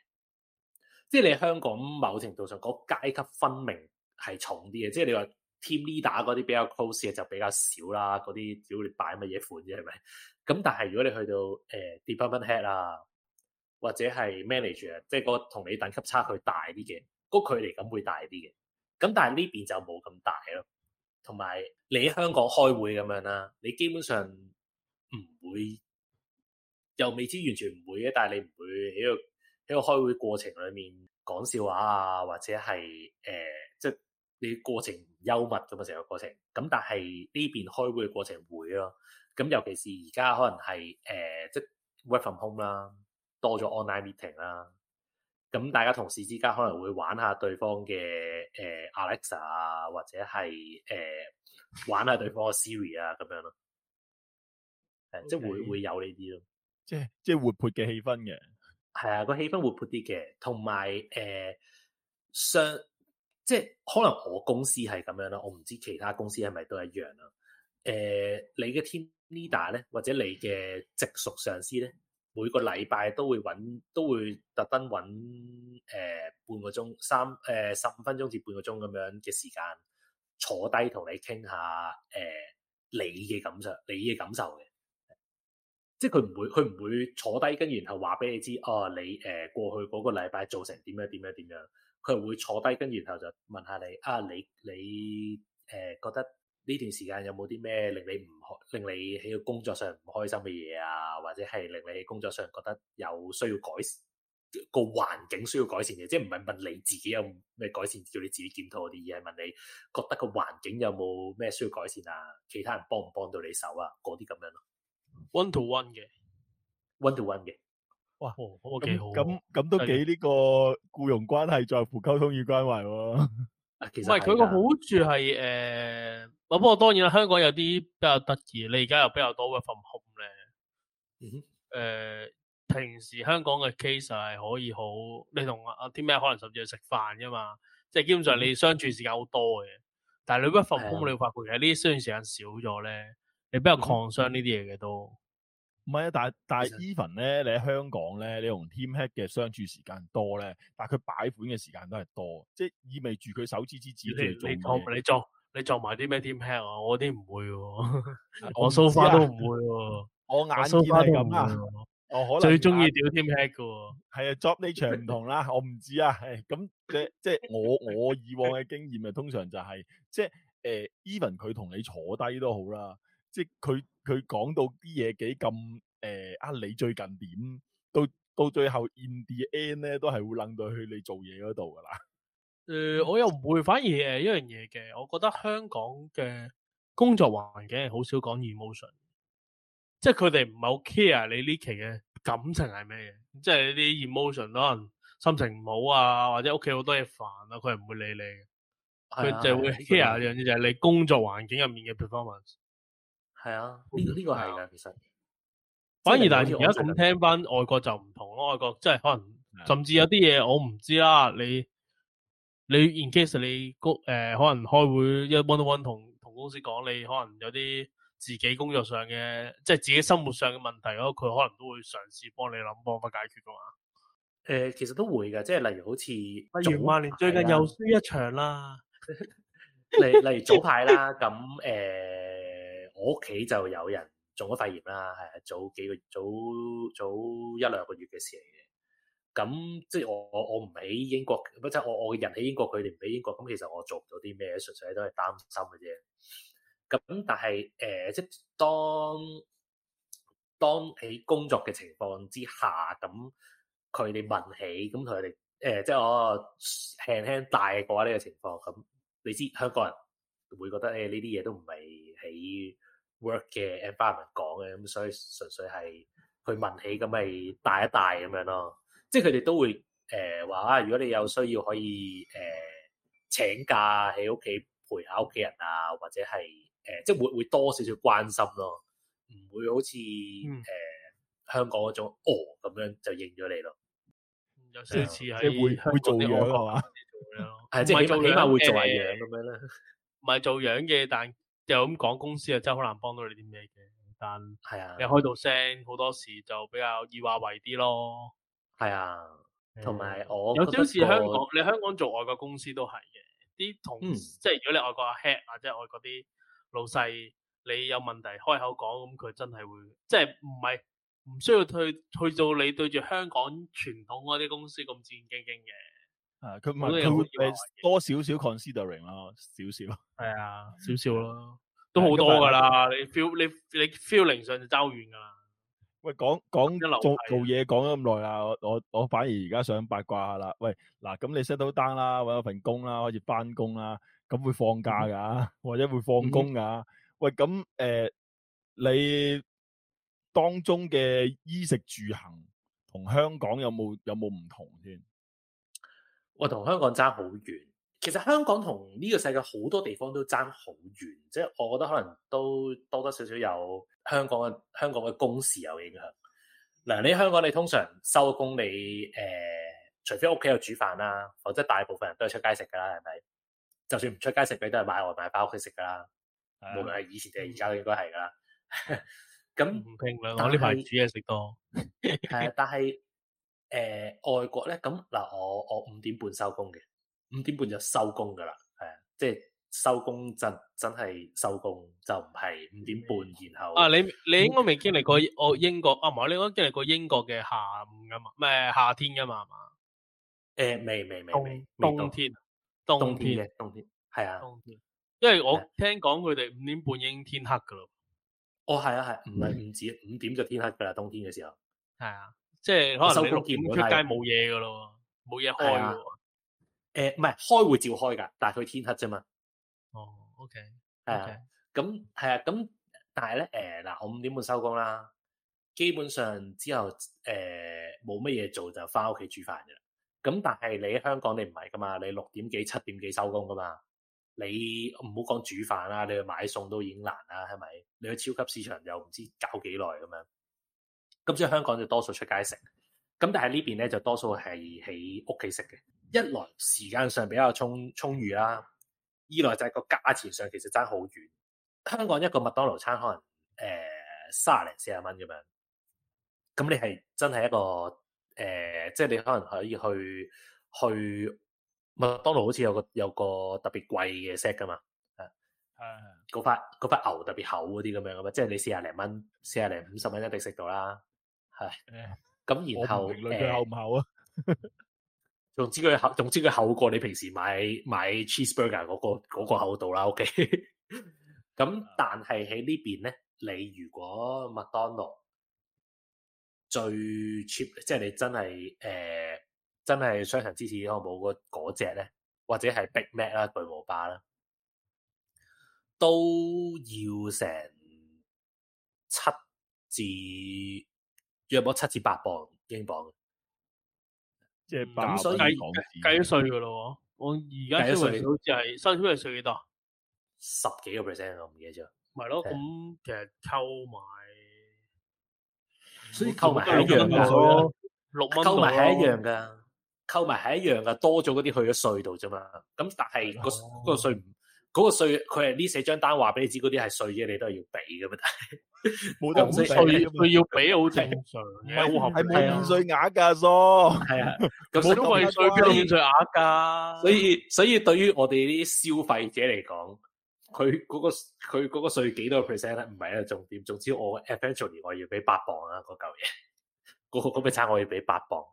即係你香港某程度上嗰階、那個、級分明係重啲嘅。即係你話 team leader 嗰啲比較 close 嘅就比較少啦。嗰啲只要你擺乜嘢款啫，係咪？咁但係如果你去到誒、呃、department head 啊，或者係 manager 啊，即係個同你等級差距大啲嘅，嗰、那個、距離咁會大啲嘅。咁但係呢邊就冇咁大咯。同埋你喺香港開會咁樣啦，你基本上唔會，又未知完全唔會嘅，但係你唔會喺個喺個開會過程裏面講笑話啊，或者係誒，即係你過程唔幽默咁嘅成個過程。咁但係呢邊開會嘅過程會咯、啊，咁尤其是而家可能係誒、呃，即係 work from home 啦、啊，多咗 online meeting 啦、啊。咁大家同事之間可能會玩下對方嘅誒、呃、Alexa 啊，或者係誒、呃、玩下對方嘅 Siri 啊，咁樣咯，誒即係會會有呢啲咯，即係即係活潑嘅氣氛嘅。係啊，個氣氛活潑啲嘅，同埋誒相即係可能我公司係咁樣啦，我唔知其他公司係咪都一樣啦。誒、呃，你嘅 team leader 咧，或者你嘅直屬上司咧？每個禮拜都會揾，都會特登揾，誒、呃、半個鐘，三誒十五分鐘至半個鐘咁樣嘅時間坐低同你傾下，誒、呃、你嘅感受，你嘅感受嘅，即係佢唔會，佢唔會坐低跟然後話俾你知，哦、啊、你誒、呃、過去嗰個禮拜做成點樣點樣點樣，佢會坐低跟然後就問下你，啊你你誒、呃、覺得？呢段時間有冇啲咩令你唔開，令你喺個工作上唔開心嘅嘢啊？或者係令你喺工作上覺得有需要改善個環境需要改善嘅？即係唔係問你自己有咩改善，叫你自己檢討啲嘢，而係問你覺得個環境有冇咩需要改善啊？其他人幫唔幫到你手啊？嗰啲咁樣咯。One to one 嘅，One to one 嘅，哇，咁咁咁都幾呢個僱傭關係在乎溝通與關懷喎。其實，佢個好處係誒。不過當然啦，香港有啲比較得意，你而家又比較多嘅份 home 咧。誒、嗯哼呃，平時香港嘅 case 係可以好，你同阿阿添咩可能甚至係食飯噶嘛，即係基本上你相處時間好多嘅。但係你一份 home 你會發覺其實呢啲相處時間少咗咧，你比較創傷呢啲嘢嘅都。唔係啊，但係但係 even 咧，你喺香港咧，你同添 head 嘅相處時間多咧，但係佢擺款嘅時間都係多，即係意味住佢手指指指，指你做你，你做？你做你撞埋啲咩 t e a m h a a d 啊？我啲唔會嘅，我 so far 都唔會，我眼 o f 咁 r 都唔會，最中意屌 t e a m h a a d 嘅，係啊，job 呢場唔同啦，我唔知啊，係咁、啊 啊哎、即即我我以往嘅經驗啊，通常就係、是、即誒 even 佢同你坐低都好啦，即佢佢講到啲嘢幾咁誒啊，你最近點？到到最後 i n d the end 咧，都係會冷到去你做嘢嗰度噶啦。誒、呃，我又唔會，反而誒，一樣嘢嘅，我覺得香港嘅工作環境係好少講 emotion，即係佢哋唔係好 care 你呢期嘅感情係咩嘢，即係你啲 emotion 可能心情唔好啊，或者屋企好多嘢煩啊，佢係唔會理你，佢、啊、就會 care 一、啊啊、樣嘢就係你工作環境入面嘅 performance。係啊，呢、這、呢個係噶，嗯、其實反而但係而家咁聽翻外國就唔同咯，外國即係可能甚至有啲嘢我唔知啦，你。你 in case 你公、呃、可能開會一 one to one 同同公司講，你可能有啲自己工作上嘅，即係自己生活上嘅問題嗰，佢可能都會嘗試幫你諗辦法解決噶嘛？誒，其實都會嘅，即係例如好似，例如曼聯最近又輸一場啦。例 例如早排啦，咁誒、 呃，我屋企就有人中咗肺炎啦，係早幾個月，早早一兩個月嘅事嚟嘅。咁即係我我唔喺英國，唔即係我我人喺英國，佢哋唔喺英國。咁其實我做唔到啲咩，純粹都係擔心嘅啫。咁但係誒、呃，即係當當喺工作嘅情況之下，咁佢哋問起，咁同佢哋誒，即係我輕輕帶過呢個情況，咁你知香港人會覺得誒呢啲嘢都唔係喺 work 嘅 environment 講嘅，咁所以純粹係去問起咁咪帶一帶咁樣咯。即係佢哋都會誒話啊，如果你有需要可以誒請假喺屋企陪下屋企人啊，或者係誒即係會會多少少關心咯，唔會好似誒、嗯呃、香港嗰種哦咁樣就認咗你咯。有少少似係會會做樣啊，係即係起碼起碼會做下樣咁樣啦，唔係做樣嘅，但又咁講公司啊，真係好難幫到你啲咩嘅。但係啊，的你開到聲好多時就比較易話為啲咯。係啊，同埋我、嗰個、有啲好似香港，你香港做外國公司都係嘅，啲同事、嗯、即係如果你外國阿 head 啊，即係外國啲老細，你有問題開口講，咁佢真係會，即係唔係唔需要去去到你對住香港傳統嗰啲公司咁戰戰兢兢嘅。係、啊，佢唔係佢會多少少 considering 咯，少少。係啊，少少咯， 都好多㗎啦天，你 feel 你你 feeling 上就周遠㗎啦。喂，講講做做嘢，講咗咁耐啦，我我我反而而家想八卦下啦。喂，嗱，咁你 set 到單啦，搵咗份工啦，開始翻工啦，咁會放假噶，或者會放工噶喂，咁誒，你當中嘅衣食住行同香港有冇有冇唔同先？我同香港爭好遠。其實香港同呢個世界好多地方都爭好遠，即係我覺得可能都多多少少有香港嘅香港嘅工時有影響。嗱、嗯，你香港你通常收工你誒、呃，除非屋企有煮飯啦，否則大部分人都係出街食噶啦，係咪？就算唔出街食，你都係買外賣翻屋企食噶啦。的無論係以前定係而家，都應該係噶啦。咁 那我呢排但煮嘢食多。係 啊，但係誒、呃、外國咧咁嗱，我我五點半收工嘅。五點半就收工噶啦，係啊，即係收工真真係收工，就唔係五點半、嗯、然後。啊，你你應該未經歷過我英國啊，唔係你應該經歷過英國嘅、嗯啊、下午噶嘛，咩夏天噶嘛係嘛？誒，未未未未，未，冬天，冬天，冬天，冬天，冬天，係啊，因為我聽講佢哋五點半已經天黑噶啦。哦，係啊係，唔係五點五點就天黑噶啦，冬天嘅時候。係啊，即係可能你六點出街冇嘢噶咯，冇嘢開。誒，唔係、呃、開會照開噶，但係佢天黑啫嘛。哦，OK，係、okay。啊，咁係啊，咁但係咧，誒、呃、嗱，我五點半收工啦，基本上之後誒冇乜嘢做就翻屋企煮飯噶啦。咁但係你喺香港你唔係噶嘛，你六點幾七點幾收工噶嘛，你唔好講煮飯啦，你去買餸都已經難啦，係咪？你去超級市場又唔知搞幾耐咁樣，咁所以香港就多數出街食，咁但係呢邊咧就多數係喺屋企食嘅。一來時間上比較充充裕啦，二來就係個價錢上其實爭好遠。香港一個麥當勞餐可能誒、呃、三十零四十蚊咁樣，咁你係真係一個誒、呃，即係你可能可以去去麥當勞，好似有個有個特別貴嘅 set 噶嘛，啊的，係，嗰塊牛特別厚嗰啲咁樣噶嘛，即係你四十零蚊、四十零五十蚊一定食到啦，係，咁、嗯、然後誒，佢厚唔厚啊？ 總之佢后，總之佢厚過你平時買買 cheeseburger 嗰、嗰個嗰、嗰個厚度啦。OK，咁 但係喺呢邊咧，你如果麥當勞最 cheap，即係你真係誒、呃，真係商場之持我冇嗰隻咧，或者係 Big Mac 啦，巨無霸啦，都要成七至約莫七至八磅英鎊。即係計計咗稅噶咯，我而家睇嚟，好似係收消費稅幾多？十幾個 percent 我唔記得咗。係咯的，咁其實購買所以購買係一樣噶，六蚊、嗯。購埋係一樣噶，購埋係一樣噶，多咗嗰啲去咗稅度啫嘛。咁但係、嗰個的個稅唔嗰個稅，佢係呢四張單話俾你知嗰啲係稅啫，你都係要俾噶嘛。但冇咁稅，佢 要俾好正常嘅，係冇免稅額噶傻。係 啊，冇免稅邊度免稅額噶所以所以對於我哋啲消費者嚟講，佢嗰，嗰個佢嗰個稅幾多個 percent 咧？唔係一個重點。總之我 eventually 我要俾八磅啊，嗰嚿嘢，嗰嗰筆差我要俾八磅。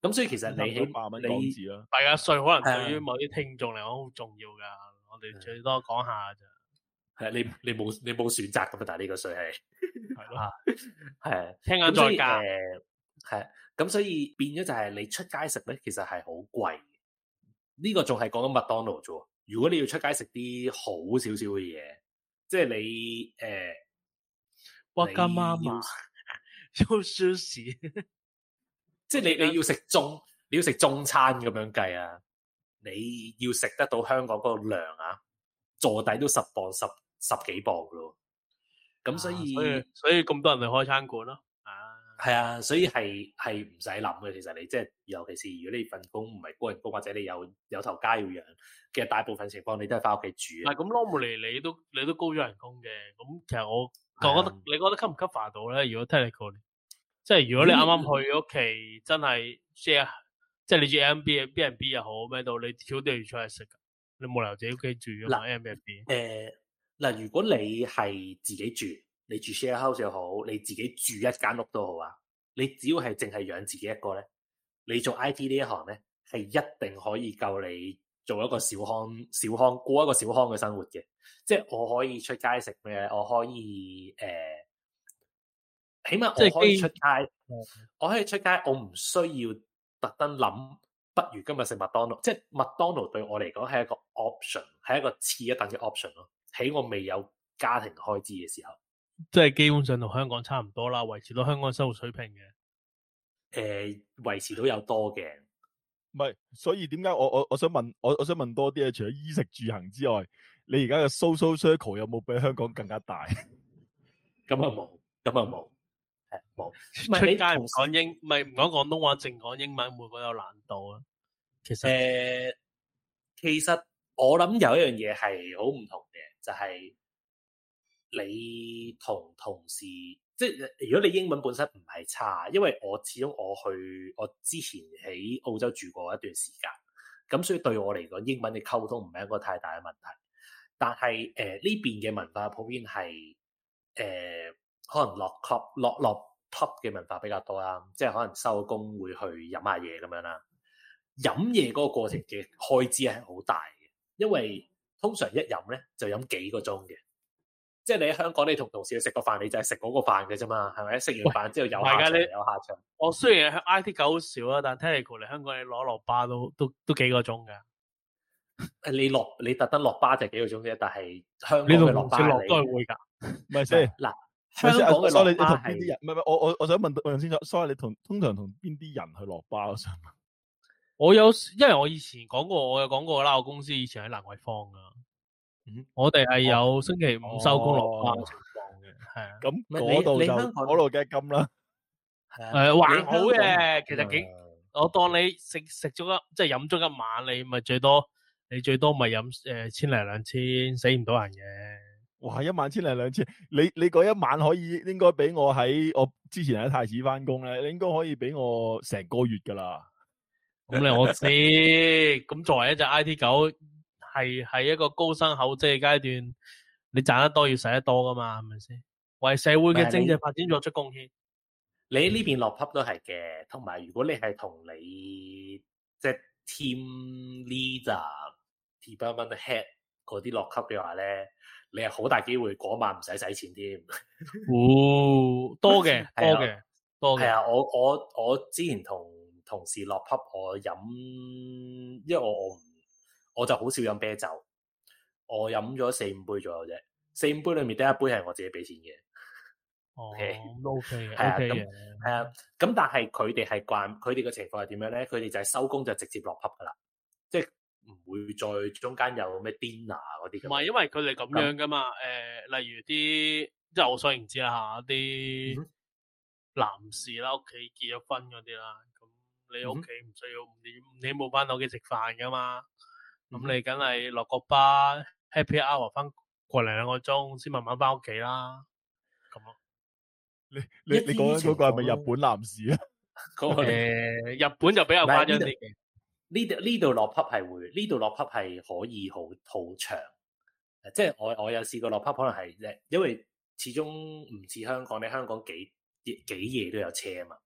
咁所以其實你起碼揾你大家稅可能對於某啲聽眾嚟講好重要噶啊、我哋最多講下咋。係你你冇你冇選擇咁 啊！但係呢個稅係係咯，係聽下再加，係咁所以變咗就係你出街食咧，其實係好貴。呢個仲係講緊麥當勞啫。如果你要出街食啲好少少嘅嘢，即係你誒，我今晚嘛要少少，即係你你要食中 有收事笑你要食中餐咁樣計啊，你要食，啊、得到香港嗰個量啊，坐底都十磅十。十幾磅咯，咁所以所以咁多人咪開餐館咯，係啊，所以係係唔使諗嘅。其實你即係尤其是如果你份工唔係高人工或者你有有頭家要養，其實大部分情況你都係翻屋企住。咁 normally，你都你都高咗人工嘅。咁其實我覺得的你覺得 cover 唔 cover 到咧？如果聽你講，即係如果你啱啱去屋企，嗯、真係即係即係你住 M B B N B 又好咩都，你挑都要出去食，你冇理由自己屋企住嗱 M B B 誒。嗱，如果你係自己住，你住 share house 又好，你自己住一間屋都好啊。你只要係淨係養自己一個咧，你做 IT 呢一行咧，係一定可以夠你做一個小康、小康過一個小康嘅生活嘅。即係我可以出街食咩？我可以誒、呃，起碼我可以出街，就是、我可以出街，我可以出街，我唔需要特登諗不如今日食麥當勞。即係麥當勞對我嚟講係一個 option，係一個次一等嘅 option 咯。喺我未有家庭開支嘅時候，即係基本上同香港差唔多啦，維持到香港嘅生活水平嘅。誒、呃，維持到有多嘅，唔係，所以點解我我我想問，我我想問多啲啊？除咗衣食住行之外，你而家嘅 social circle 有冇比香港更加大？咁啊冇，咁啊冇，冇、欸。唔係你唔講英，唔係唔講廣東話，淨講英文，會唔會有難度啊？其實誒、呃，其實我諗有一樣嘢係好唔同嘅。就係你同同事，即係如果你英文本身唔係差，因為我始終我去我之前喺澳洲住過一段時間，咁所以對我嚟講，英文嘅溝通唔係一個太大嘅問題。但係誒，呢邊嘅文化普遍係誒可能落 club 落落 club 嘅文化比較多啦，即係可能收工會去飲下嘢咁樣啦。飲嘢嗰個過程嘅開支係好大嘅，因為通常一飲咧就飲幾個鐘嘅，即係你喺香港你同同事去食個飯，你就係食嗰個飯嘅啫嘛，係咪？食完飯之後有下場，有下場。我雖然喺 I T 九好少啊，但聽你講嚟香港你攞落，落巴都都都幾個鐘嘅。誒， 你落你特登落巴就幾個鐘啫，但係香港嘅落巴落都係會噶。唔係先嗱，香港嘅落巴係唔係唔係？我我我，我想問問清楚，所以你同通常同邊啲人去落巴咯？我想問我有，因為我以前講過，我有講過啦，我公司以前喺蘭桂坊噶、嗯，我哋係有星期五收工落班嘅情況嘅，係啊、哦，咁嗰度就嗰度梗係禁啦，係啊的，還好嘅，其實幾，的我當你食食咗一，即係飲咗一晚，你咪最多，你最多咪飲誒千零兩千，死唔到人嘅，哇，一晚千零兩千，你你嗰一晚可以應該俾我喺我之前喺太子翻工咧，你應該可以俾我成個月噶啦。咁你我知，咁 speak 作為一隻 I.T. 狗，係係一個高薪厚職嘅階段，你賺得多要使得多㗎嘛，係咪先？為社會嘅經濟發展作出貢獻。你呢邊落級都係嘅，同埋如果你係同你即係、就是、team leader、team head 嗰啲落級嘅話咧，你係好大機會嗰晚唔使使錢添。哦，多嘅 對、啊，多嘅，多嘅、啊。啊，我我我之前同。同事落盒我飲，因為我我唔我就好少飲啤酒，我飲咗四五杯左右啫，四五杯裏面得一杯係我自己俾錢嘅。哦，咁都 OK 嘅，係啊，係啊，咁但係佢哋係慣，佢哋嘅情況係點樣咧？佢哋就係收工就直接落盒噶啦，即係唔會再中間有咩 dinner 嗰啲。唔係，因為佢哋咁樣噶嘛。誒那、呃，例如啲即係我想認知啦嚇，啲男士啦，屋企結咗婚嗰啲啦。你屋企唔需要，你你冇翻到屋企食飯噶嘛？咁你梗係落個班 ，happy hour 翻過嚟兩個鐘，先慢慢翻屋企啦。咁咯。你你你講嗰個係咪日本男士啊？嗰、那個誒， 日本就比較誇張啲嘅。呢度呢度落趴係會，呢度落趴係可以好好長。即係我我有試過落趴，可能係因為始終唔似香港，你香港幾幾夜都有車啊嘛。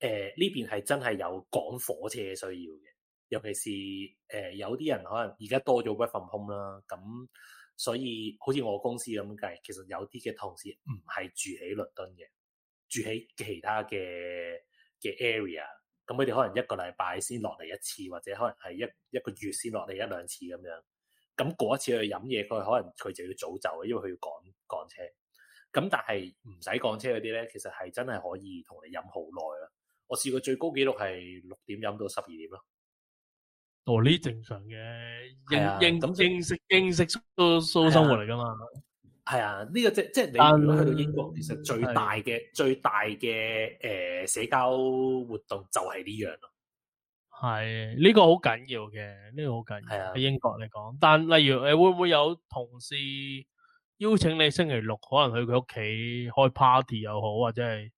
誒，呢、呃、邊係真係有趕火車需要嘅，尤其是誒、呃、有啲人可能而家多咗 work from home 啦。咁、嗯、所以好似我公司咁計，其實有啲嘅同事唔係住喺倫敦嘅，住喺其他嘅嘅 area、嗯。咁佢哋可能一個禮拜先落嚟一次，或者可能係一一個月先落嚟一兩次咁樣。咁、嗯、過一次去飲嘢，佢可能佢就要早走，因為佢要趕趕車。咁、嗯、但係唔使趕車嗰啲咧，其實係真係可以同你飲好耐啊。我試過最高記錄係六點飲到十二點咯，哦呢正常嘅，認認咁認識認識蘇蘇生活嚟㗎嘛，係啊，呢、啊這個即即係你如果去到英國，其實但最大嘅是最大嘅誒、呃、社交活動就係呢樣咯，係呢、這個好緊要嘅，呢、這個好緊要喺、啊、英國嚟講。但例如誒，會唔會有同事邀請你星期六,六可能去佢屋企開 party 又好，或者係？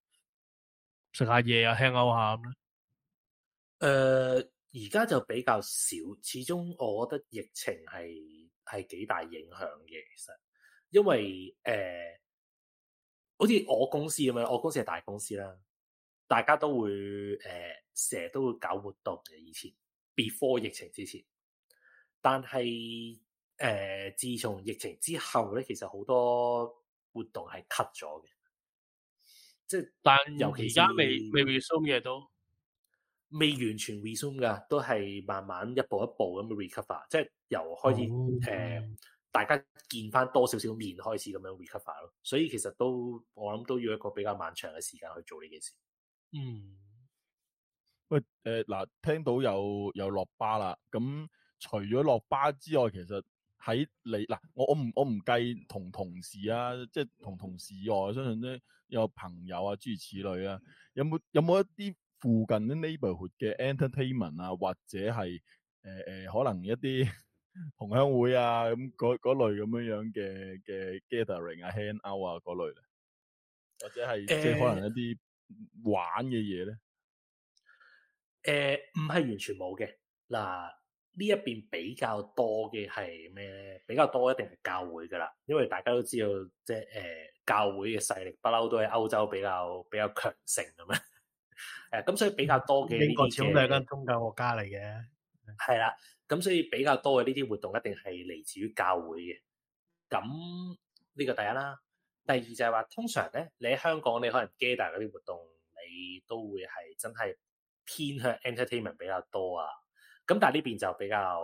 食下嘢啊，hang out 下咁咧。誒、呃，而家就比較少，始終我覺得疫情係係幾大影響嘅。其實，因為誒、呃，好似我公司咁樣，我公司係大公司啦，大家都會誒，成、呃、日都會搞活動嘅。以前 before 疫情之前，但係誒、呃，自從疫情之後咧，其實好多活動係 cut 咗嘅。即係，但尤其而家未未 resume 嘅都未完全 resume 噶，都係慢慢一步一步咁 recover。即係由開始，誒、哦呃，大家見翻多少少面，開始咁樣 recover 咯。所以其實都我諗都要一個比較漫長嘅時間去做呢件事。嗯，喂，誒，嗱，聽到有有落巴啦。咁除咗落巴之外，其實喺你嗱、呃，我我唔我唔計同同事啊，即、就、係、是、同同事以外，我相信咧。有朋友啊，諸如此類啊，有冇有冇一啲附近啲 neighborhood 嘅 entertainment 啊，或者係誒誒，可能一啲 同鄉會啊，咁嗰類咁樣樣嘅嘅 gathering 啊，hand out 啊嗰類咧，或者係、呃、即係可能一啲玩嘅嘢咧？誒、呃，唔係完全冇嘅嗱。呢一邊比較多嘅係咩咧？比較多一定係教會噶啦，因為大家都知道即係誒、呃，教會嘅勢力不嬲都係歐洲比較比較強盛嘅咩？誒、 啊，咁所以比較多嘅，英國只有兩間宗教國家嚟嘅，係啦，咁所以比較多嘅呢啲活動一定係嚟自於教會嘅。咁呢個第一啦，第二就係話通常咧，你喺香港你可能 gather 嗰啲活動，你都會係真係偏向 entertainment 比較多啊。咁但係呢邊就比較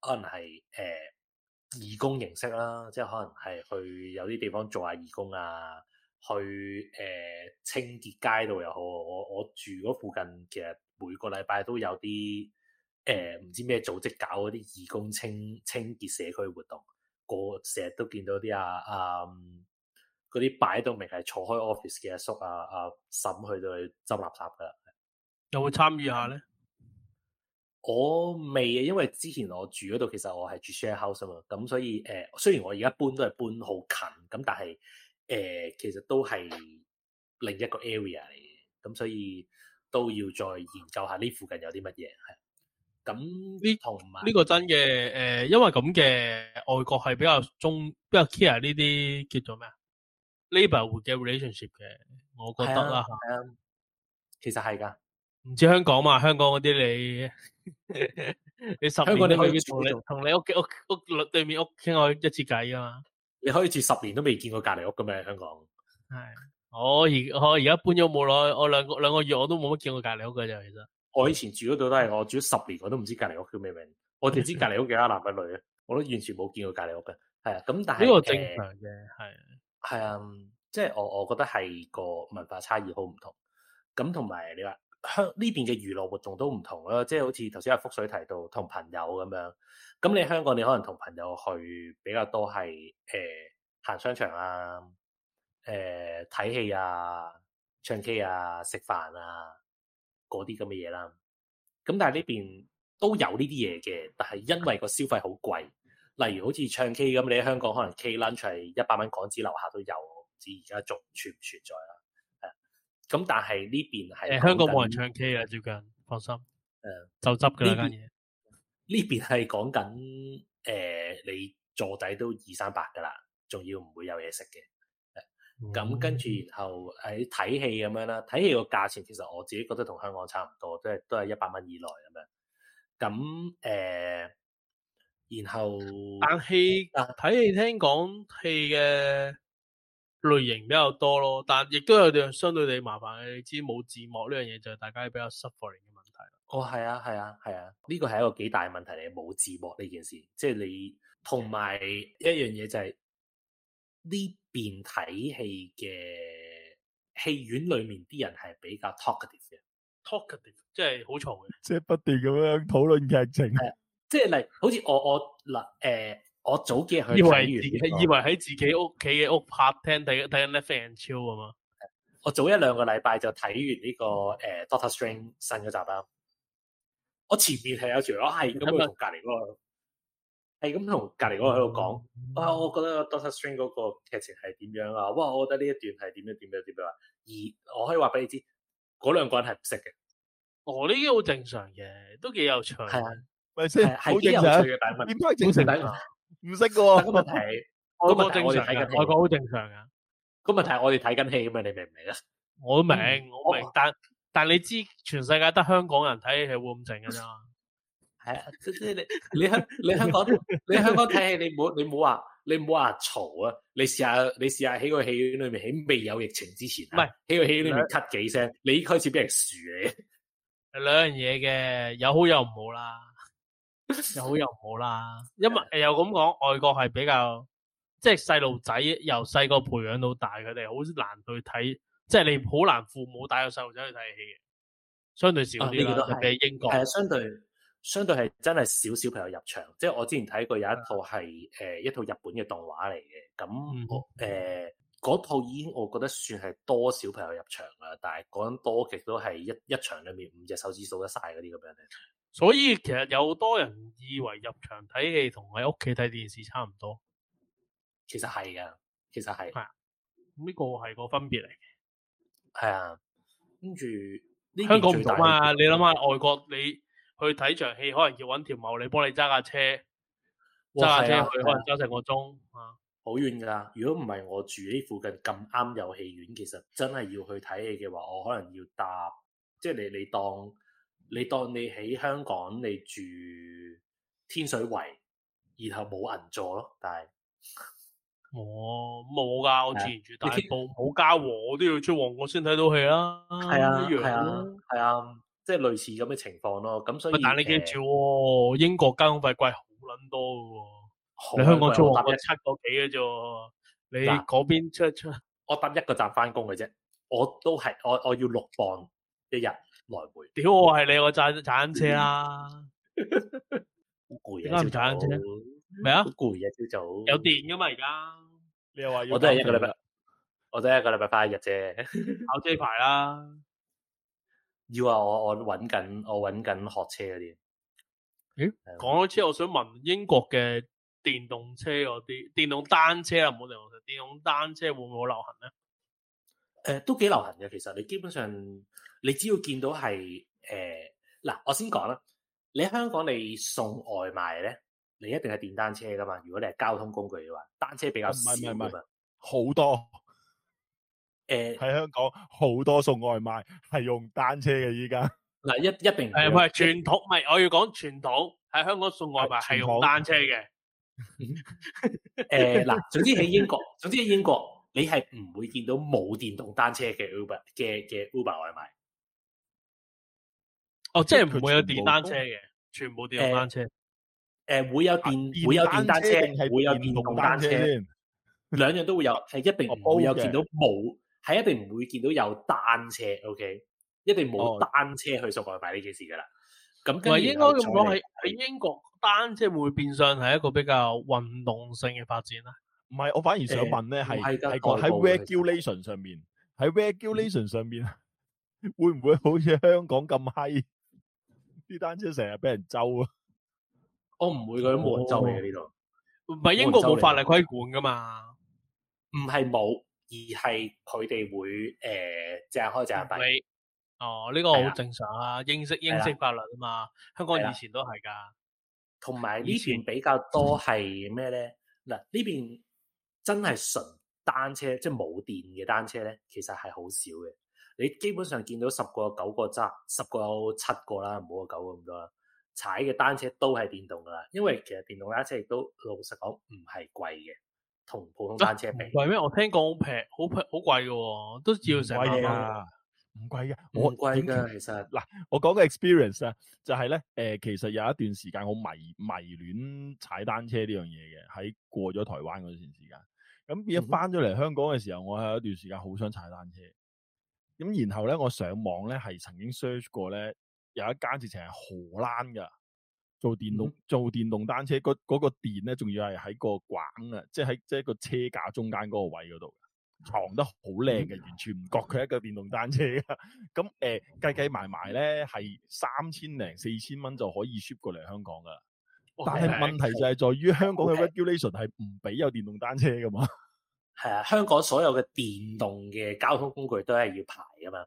可能係誒、呃、義工形式啦，即係可能係去有啲地方做下義工啊，去誒、呃、清潔街道又好。我我住嗰附近，其實每個禮拜都有啲誒唔知咩組織搞嗰啲義工清清潔社區活動，成日都見到啲啊啊嗰啲擺到明係坐開 office 嘅阿叔啊阿嬸、啊、去到去執垃圾噶啦，有冇參與下咧？我未啊，因為之前我住嗰度，其實我係住 share house 啊嘛，咁所以誒、呃，雖然我而家搬都係搬好近，咁但係誒、呃，其實都係另一個 area 嚟嘅，咁所以都要再研究下呢附近有啲乜嘢係。咁呢同埋呢個真嘅誒、呃，因為咁嘅外國係比較中比較 care 呢啲叫做咩啊 labour 嘅 relationship 嘅，我覺得啦係、啊，其實係噶。唔似香港嘛？香港嗰啲你， 你十年 香港你可以同你同住你屋屋屋對面屋傾我一次偈啊嘛？你可以住十年都未見過隔籬屋嘅咩？香港係我而我而家搬咗冇耐，我兩個兩個月我都冇乜見過隔籬屋嘅啫其實。我以前住嗰度都係我住咗十年，我都唔知隔籬屋叫咩名，我哋知隔籬屋幾多男嘅女啊，我都完全冇見過隔籬屋嘅。係啊，咁但係呢個正常嘅係係啊，即係我我覺得係個文化差異好唔同，咁同埋你話。香呢邊嘅娛樂活動都唔同啦，即係好似頭先阿福水提到同朋友咁樣，咁你香港你可能同朋友去比較多係誒、呃、行商場啊，誒睇戲啊、唱 K 啊、食飯啊嗰啲咁嘅嘢啦。咁但係呢邊都有呢啲嘢嘅，但係因為個消費好貴，例如好似唱 K 咁，你喺香港可能 K lunch 係一百蚊港紙樓下都有，唔知而家仲存唔存在啦，啊。咁但係呢邊係香港冇人唱 K 啊，最近、嗯、放心，誒就執嘅啦間嘢。呢邊係講緊誒，你坐底都二三百㗎喇，仲要唔會有嘢食嘅。咁跟住然後喺睇戲咁樣啦，睇戲個價錢其實我自己覺得同香港差唔多，即係都係一百蚊以內咁樣。咁、嗯、誒、呃，然後但係睇戲聽講戲嘅。類型比較多咯，但係亦都有啲相對地麻煩嘅，你知冇字幕呢樣嘢就係大家比較 suffering 嘅問題咯。哦，係啊，係啊，係啊，呢個係一個幾大問題嚟，冇字幕呢件事，即係你同埋一樣嘢就係呢邊睇戲嘅戲院裏面啲人係比較 talkative 嘅，talkative 即係好嘈嘅，即係不斷咁樣討論劇情咧，即係例如好似我我嗱誒。呃我早幾日去睇完以為，以為喺自己屋企嘅屋拍廳睇睇《Left and Chill》啊嘛 。我早一兩個禮拜就睇完呢、這個誒、嗯呃、Doctor Strange 新嘅集啦。我前面係有條友係咁同隔籬個，係咁同隔籬嗰個喺度講：，哇、嗯啊，我覺得 Doctor Strange 嗰、那個劇情係點樣啊？哇，我覺得呢一段係點樣點、啊、樣點、啊、樣、啊。而我可以話俾你知，嗰兩個人係唔識嘅。哦，呢啲好正常嘅，都幾有趣。係啊，係咪先？好正常嘅，點解正常？是 唔識個？個問題外國正常，外國好正常噶。個問題係我哋睇緊戲咁啊，你明唔明啊？我明，我明。但但你知全世界得香港人睇戲係會咁靜噶咋？係啊，即即你你香你香港你香港睇戲，你唔好你唔好話你唔好話嘈啊！你試下你試下喺個戲院裏面喺未有疫情之前，唔係喺個戲院裏面咳幾聲，你開始俾人樹嚟。兩樣嘢嘅，有好有唔好啦。有 好有好啦，因為又咁講，外國係比較即係細路仔由細個培養到大，佢哋好難去睇，即係你好難父母帶個細路仔去睇戲嘅，相對少啲，啊、都係比英國係相對相對係真係少小，小朋友入場，的即係我之前睇過有一套係誒一套日本嘅動畫嚟嘅，咁誒嗰套已經我覺得算係多小朋友入場啦，但係講多極都係一一場裏面五隻手指數得晒嗰啲咁樣嘅。所以其實有好多人以為入場睇戲同喺屋企睇電視差唔多，其實係㗎，其實係，呢個係個分別嚟嘅，係啊。跟住香港唔同啊，你諗下外國，你去睇場戲可能要搵條茂你幫你揸架車，揸架車去可能揸成個鐘，好遠噶啦。如果唔係我住呢附近咁啱有戲院，其實真係要去睇戲嘅話，我可能要搭，即係你你當。你當你喺香港，你住天水圍，然後冇銀座咯，但係哦，冇㗎、啊，我自然住大，大係冇家和，我都要出旺角先睇到戲啦，係啊，一樣啊，係啊，即係、啊啊就是、類似咁嘅情況咯。咁所以但你記住，是哦、英國交通費貴好撚多嘅、啊、喎，很很你香港出旺角七個幾嘅啫，你嗰邊出一出，我搭一個站翻工嘅啫，我都係我我，我要六磅一日。來回屌我係你我踩踩單車啦，好攰。點解唔踩單車？咩 麼 啊？攰啊！朝早有電噶嘛而家，你又話要我都係一個禮拜，我都係一個禮拜返一日啫。考 車牌啦，要啊！我我搵緊，我搵緊學車嗰啲。誒咦，講咗車，我想問英國嘅電動車嗰啲電動單車啊，冇電動車，電動單車會唔會好流行咧？誒、呃，都幾流行嘅，其實你基本上。你只要見到係誒嗱，我先講啦。你喺香港你送外賣咧，你一定係電單車㗎嘛？如果你係交通工具嘅話，單車比較少。唔係唔係唔係，好多誒喺、呃、香港好多送外賣係用單車嘅依家。嗱、呃、一一,一定係唔係傳統？唔係我要講傳統喺香港送外賣係用單車嘅。誒嗱港、 呃，總之喺英國，總之喺英國，你係唔會見到冇電動單車嘅 Uber 嘅嘅 Uber 外賣。哦，即係唔會有電單車嘅，全部電動單車。誒，會有電會有電單車，定係會有電動單車，兩樣都會有，係一定唔會有見到冇，係一定唔會見到有單車。O.K. 一定冇單車去送外賣呢件事噶啦。咁唔係應該咁講喺喺英國單車會變相係一個比較運動性嘅發展啦。唔係，我反而想問咧，係喺喺 regulation 上面，喺 regulation 上面會唔會好似香港咁閪？啲單車成日俾人揪啊！我唔、哦、會咁無周嘅呢度，唔係英國冇法例規管噶嘛？唔係冇，而係佢哋會誒、借、呃、開借閉。正哦、呢、這個好正常啊！英式英式法律啊嘛，啊香港以前都係噶。同埋呢邊比較多係咩咧？嗱、呢、嗯、邊真係純單車，即係冇電嘅單車咧，其實係好少嘅。你基本上見到十個有九個揸，十個有七個啦，唔好九個咁多。踩嘅單車都係電動噶啦，因為其實電動單車亦都老實講唔係貴嘅，同普通單車比。唔貴咩、啊？我聽講好平，好好貴嘅喎、哦，都照要成萬蚊。唔貴啊？唔貴嘅，唔貴嘅我其實。嗱，我講嘅 experience 咧，就係咧，誒，其實有一段時間好迷迷戀踩單車呢樣嘢嘅，喺過咗台灣嗰段時間。咁變咗返咗嚟香港嘅時候，我係有一段時間好想踩單車。咁然後咧，我上網咧係曾經 search 過咧，有一間直情係荷蘭噶，做電動做電動單車，嗰嗰、嗯嗰個電咧仲要係喺個管啊，即係喺即係個車架中間嗰個位嗰度藏得好靚嘅，完全唔覺佢係一個電動單車嘅。咁誒計計埋埋咧，係三千零四千蚊就可以 ship 過嚟香港噶啦。Okay. 但係問題就係在於香港嘅 regulation 係唔俾有電動單車噶嘛。係啊，香港所有嘅電動嘅交通工具都係要排噶嘛。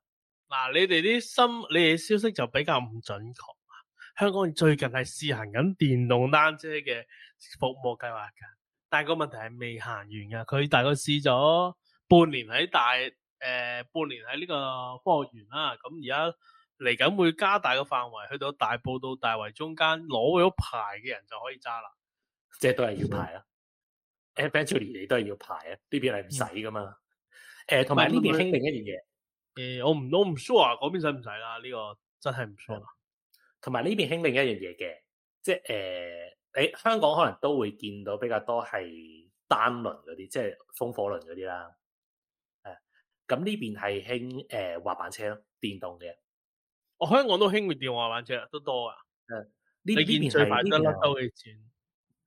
嗱、啊，你哋啲心，你哋消息就比較唔準確啊。香港最近係試行緊電動單車嘅服務計劃噶，但係個問題係未行完噶。佢大概試咗半年喺大，誒、呃，半年喺呢個科學園啦、啊。咁而家嚟緊會加大個範圍，去到大埔到大圍中間，攞咗牌嘅人就可以揸啦。即係都係要排啦。嗯 eventually 你都係要排啊，呢邊係唔使噶嘛？誒、欸，同埋呢邊興另一樣嘢。誒、嗯欸，我唔，我唔 sure 嗰邊使唔使啦？呢個真係唔 sure。同埋呢邊興另一樣嘢嘅，即係誒，你香港可能都會見到比較多係單輪嗰啲，即係風火輪嗰啲啦。誒、欸，咁呢邊係興誒滑板車，電動嘅。我香港都興住電動滑板車，都多啊。誒、欸，呢邊最賺得甩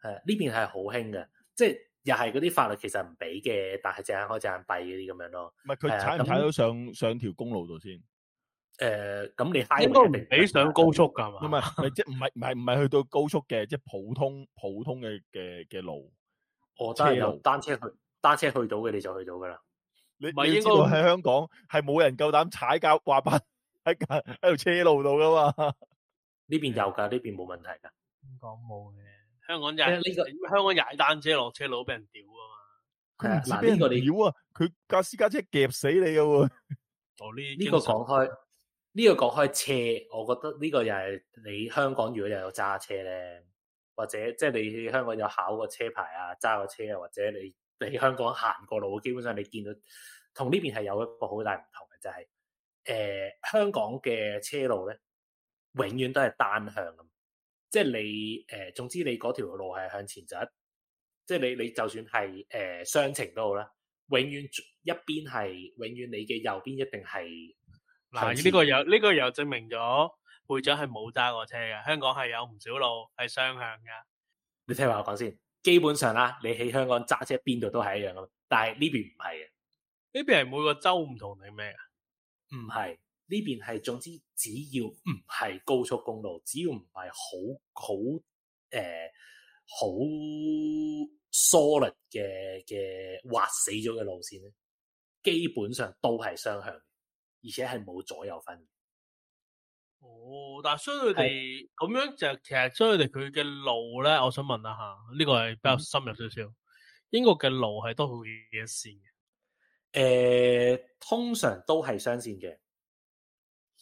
呢邊係好興嘅，即係。又係嗰啲法律其實唔俾嘅，但係隻眼開隻眼閉嗰啲咁樣咯。唔係佢踩唔踩到上、嗯、上，上條公路度先？誒、呃、咁、嗯、你應該唔俾上高速㗎嘛？唔係唔係，即係唔係唔係唔係去到高速嘅，即、就、係、是、普通普通嘅嘅嘅路。哦，車路有單車去單車去到嘅你就去到㗎啦。你唔係應該喺香港係冇人夠膽踩架滑板喺喺條車路度㗎嘛？呢 邊有㗎，呢邊冇問題㗎。香港冇嘅。香港就呢個，香港踩單車落車路俾人屌啊嘛！係啊，俾人屌啊！佢架私家車夾死你嘅喎。 哦，呢呢個講開，呢個講開車，我覺得呢個又係你香港如果又有揸車咧，或者即係你香港有考個車牌啊，揸個車啊，或者你你香港行過路，基本上你見到同呢邊係有一個好大唔同嘅，就係誒香港嘅車路咧，永遠都係單向咁。即係你誒、呃，總之你嗰條路係向前走，即係你你就算係誒雙程都好啦，永遠一邊係永遠你嘅右邊一定係嗱，呢個又呢、這個又證明咗會長係冇揸過車嘅，香港係有唔少路係雙向噶。你聽埋我講先，基本上啦、啊，你喺香港揸車邊度都係一樣噶，但係呢邊唔係嘅。呢邊係每個州唔同定咩啊？唔係。呢邊係，總之只要唔係高速公路，只要唔係好好誒好 solid 嘅嘅挖死咗嘅路綫咧，基本上都係雙向，而且係冇左右分。哦，但係所以佢哋咁樣就其實相對地佢嘅路咧，我想問一下，呢、這個係比較深入少少。嗯、英國嘅路係多好幾多綫嘅？誒、呃，通常都係雙綫嘅。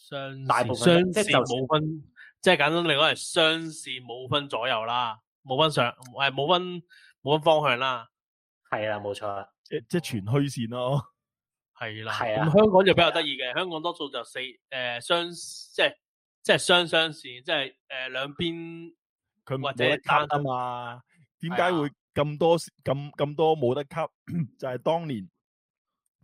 雙大雙線冇分，即係簡單嚟講係雙線冇分左右啦，冇、嗯、分上，係冇分冇分方向啦。係啊，冇錯啊，即即係全虛線咯。係啦，係啊。咁、啊、香港就比較得意嘅，香港多數就四誒雙即係即係雙雙線，即係誒兩邊佢冇得 cut 啊嘛。點解會咁多咁咁、啊、多冇得 cut？ 就係、是、當年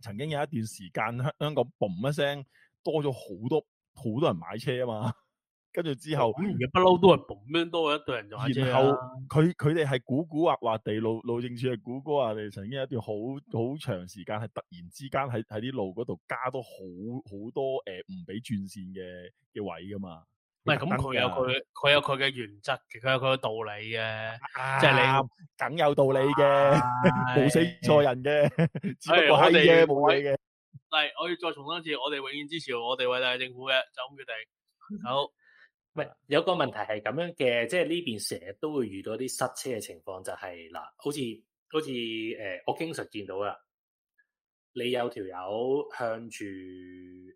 曾經有一段時間，香香港嘣一聲多咗好多。好多人買車啊嘛， 跟住之後，咁而家不嬲都係咁樣多一隊人買車啦，啊。然後佢佢哋係古古惑惑地路路政署嘅古哥啊，哋曾經有一段好好、嗯、長時間係突然之間喺喺啲路嗰度加多好好多誒唔俾轉線嘅嘅位噶嘛。唔係咁，佢、嗯、有佢佢有佢嘅原則嘅，佢有佢嘅道理嘅，即係、啊、你梗、啊、有道理嘅，冇死錯人嘅，只不過係嘅，冇嘅。嚟，但我要再重申一次，我哋永遠支持我哋偉大政府嘅，就咁決定。嗯、好，喂，有個問題係咁樣嘅，即係呢邊成日都會遇到啲塞車嘅情況，就係、是、嗱，好似好似誒、呃，我經常見到啦，你有條友向住誒，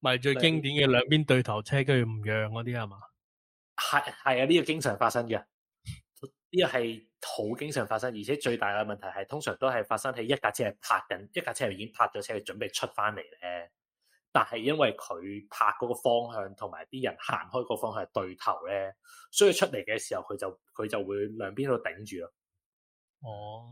咪、呃、最經典嘅兩邊對頭車跟住唔讓嗰啲係嘛？係係啊，呢、這個經常發生嘅。呢個係好經常發生，而且最大嘅問題係通常都係發生喺一架車係泊緊，一架車係已經泊咗車，準備出翻嚟咧。但係因為佢泊嗰個方向同埋啲人行開個方向係對頭咧，所以出嚟嘅時候佢就佢就會兩邊喺度頂住咯。哦，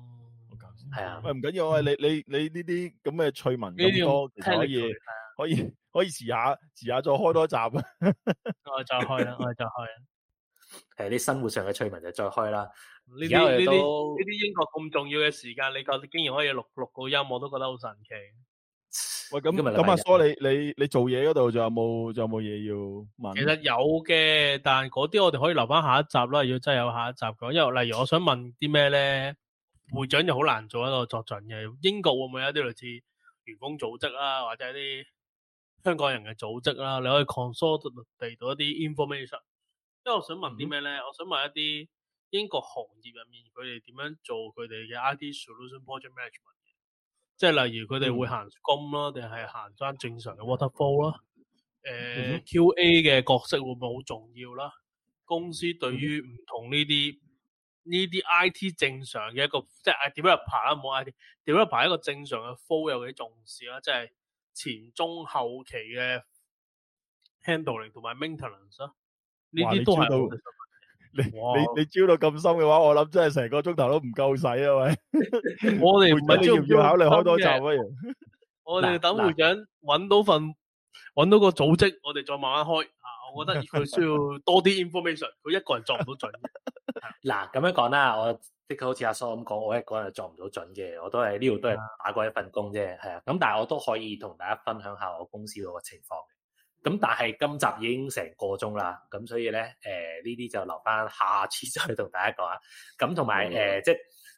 好搞笑，係啊，喂，唔緊要啊，嗯、你你你呢啲咁嘅趣聞咁多可以，可以可以可以遲下遲下再開多一集啊， 我再開啦，我再開啦。 係啲生活上嘅趣聞就再開啦。呢啲呢啲呢啲英國咁重要嘅時間，你夠竟然可以錄六個音，我都覺得好神奇。喂，咁咁阿蘇，你你你做嘢嗰度仲有冇仲有冇嘢要問？其實有嘅，但係嗰啲我哋可以留翻下一集啦。要真係有下一集講，因為例如我想問啲咩咧，會長就好難做一個作準嘅。英國會唔會有一啲類似員工組織啦，或者一啲香港人嘅組織啦？你可以 consult 得到一啲 information。即係我想問啲咩咧？嗯、我想問一啲英國行業入面佢哋點樣做佢哋嘅 IT solution project management？即係例如佢哋會行工啦，定係、嗯、行翻正常嘅 waterfall 啦、呃、誒 QA 嘅角色會唔會好重要啦？公司對於唔同呢啲呢啲 IT 正常嘅一個即係 developer？冇 IT developer？一個正常嘅 flow 有幾重視啦？即係前中後期嘅 handling 同埋 maintenance 啊？都哇你啲招到你你你招到咁深嘅話，我諗真係成個鐘頭都唔夠使啊！喂， 我哋唔係要唔要 考慮開多啲啊？我哋等會長搵到份搵、啊、到，到個組織，我哋再慢慢開啊！我覺得佢需要多啲 information，佢 一個人作唔到準。嗱咁 樣講啦，我的確好似阿蘇咁講，我一個人作唔到準嘅，我都係呢度都係打過一份工啫，係啊。咁但係我都可以同大家分享下我公司嗰個情況。咁但係今集已經成個鐘啦，咁所以咧，誒呢啲就留翻下，下次再同大家講啦。咁同埋誒，即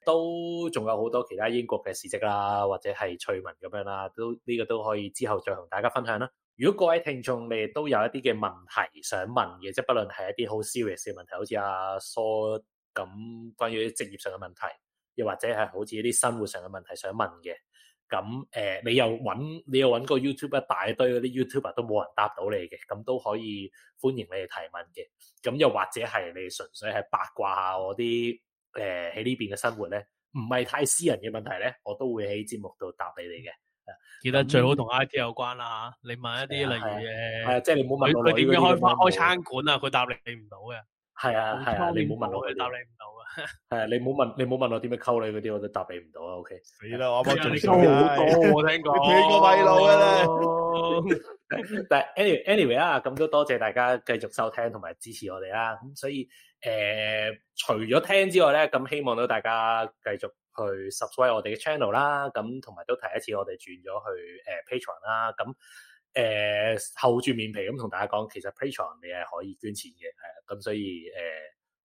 都仲有好多其他英國嘅事跡啦，或者係趣聞咁樣啦，都呢、呢個都可以之後再同大家分享啦。如果各位聽眾你哋都有一啲嘅問題想問嘅，即係不論係一啲好 serious 嘅問題，好似阿蘇咁關於職業上嘅問題，又或者係好似一啲生活上嘅問題想問嘅。咁誒、呃，你又揾你又揾個 YouTube 一大堆嗰啲 YouTuber 都冇人答到你嘅，咁都可以歡迎你哋提問嘅。咁又或者係你純粹係八卦下我啲誒喺呢邊嘅生活咧，唔係太私人嘅問題咧，我都會喺節目度答你哋嘅。記得最好同 IT 有關啦嚇，咁你問一啲例如誒，佢點樣開開餐館啊？佢答、啊啊就是、你，你唔到嘅。係啊係啊，啊，你唔好問我，答你唔到啊！係啊，你唔好問，你唔好問我點樣溝女嗰啲，我都答你唔到啊！OK，死啦，我冇做呢啲嘢啊！我聽過， 你個迷路噶啦。 但係 any anyway，anyway 啊，咁都多謝大家繼續收聽同埋支持我哋啦。咁所以誒、呃，除咗聽之外咧，咁希望到大家繼續去 subscribe 我哋嘅 channel 啦。咁同埋都提一次我轉，我、呃、哋轉咗去誒 Patreon 啦。咁誒、呃，厚住面皮咁同、嗯、大家講，其實 Patreon 你係可以捐錢嘅，誒、呃，咁、嗯、所以誒、呃，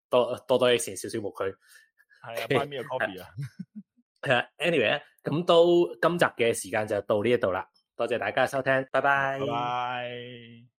多多多啲錢，少少無拘，係啊，翻邊 copy 啊？係啊，anyway，咁都今集嘅時間就到呢一度啦，多謝大家收聽，拜拜。拜拜拜拜。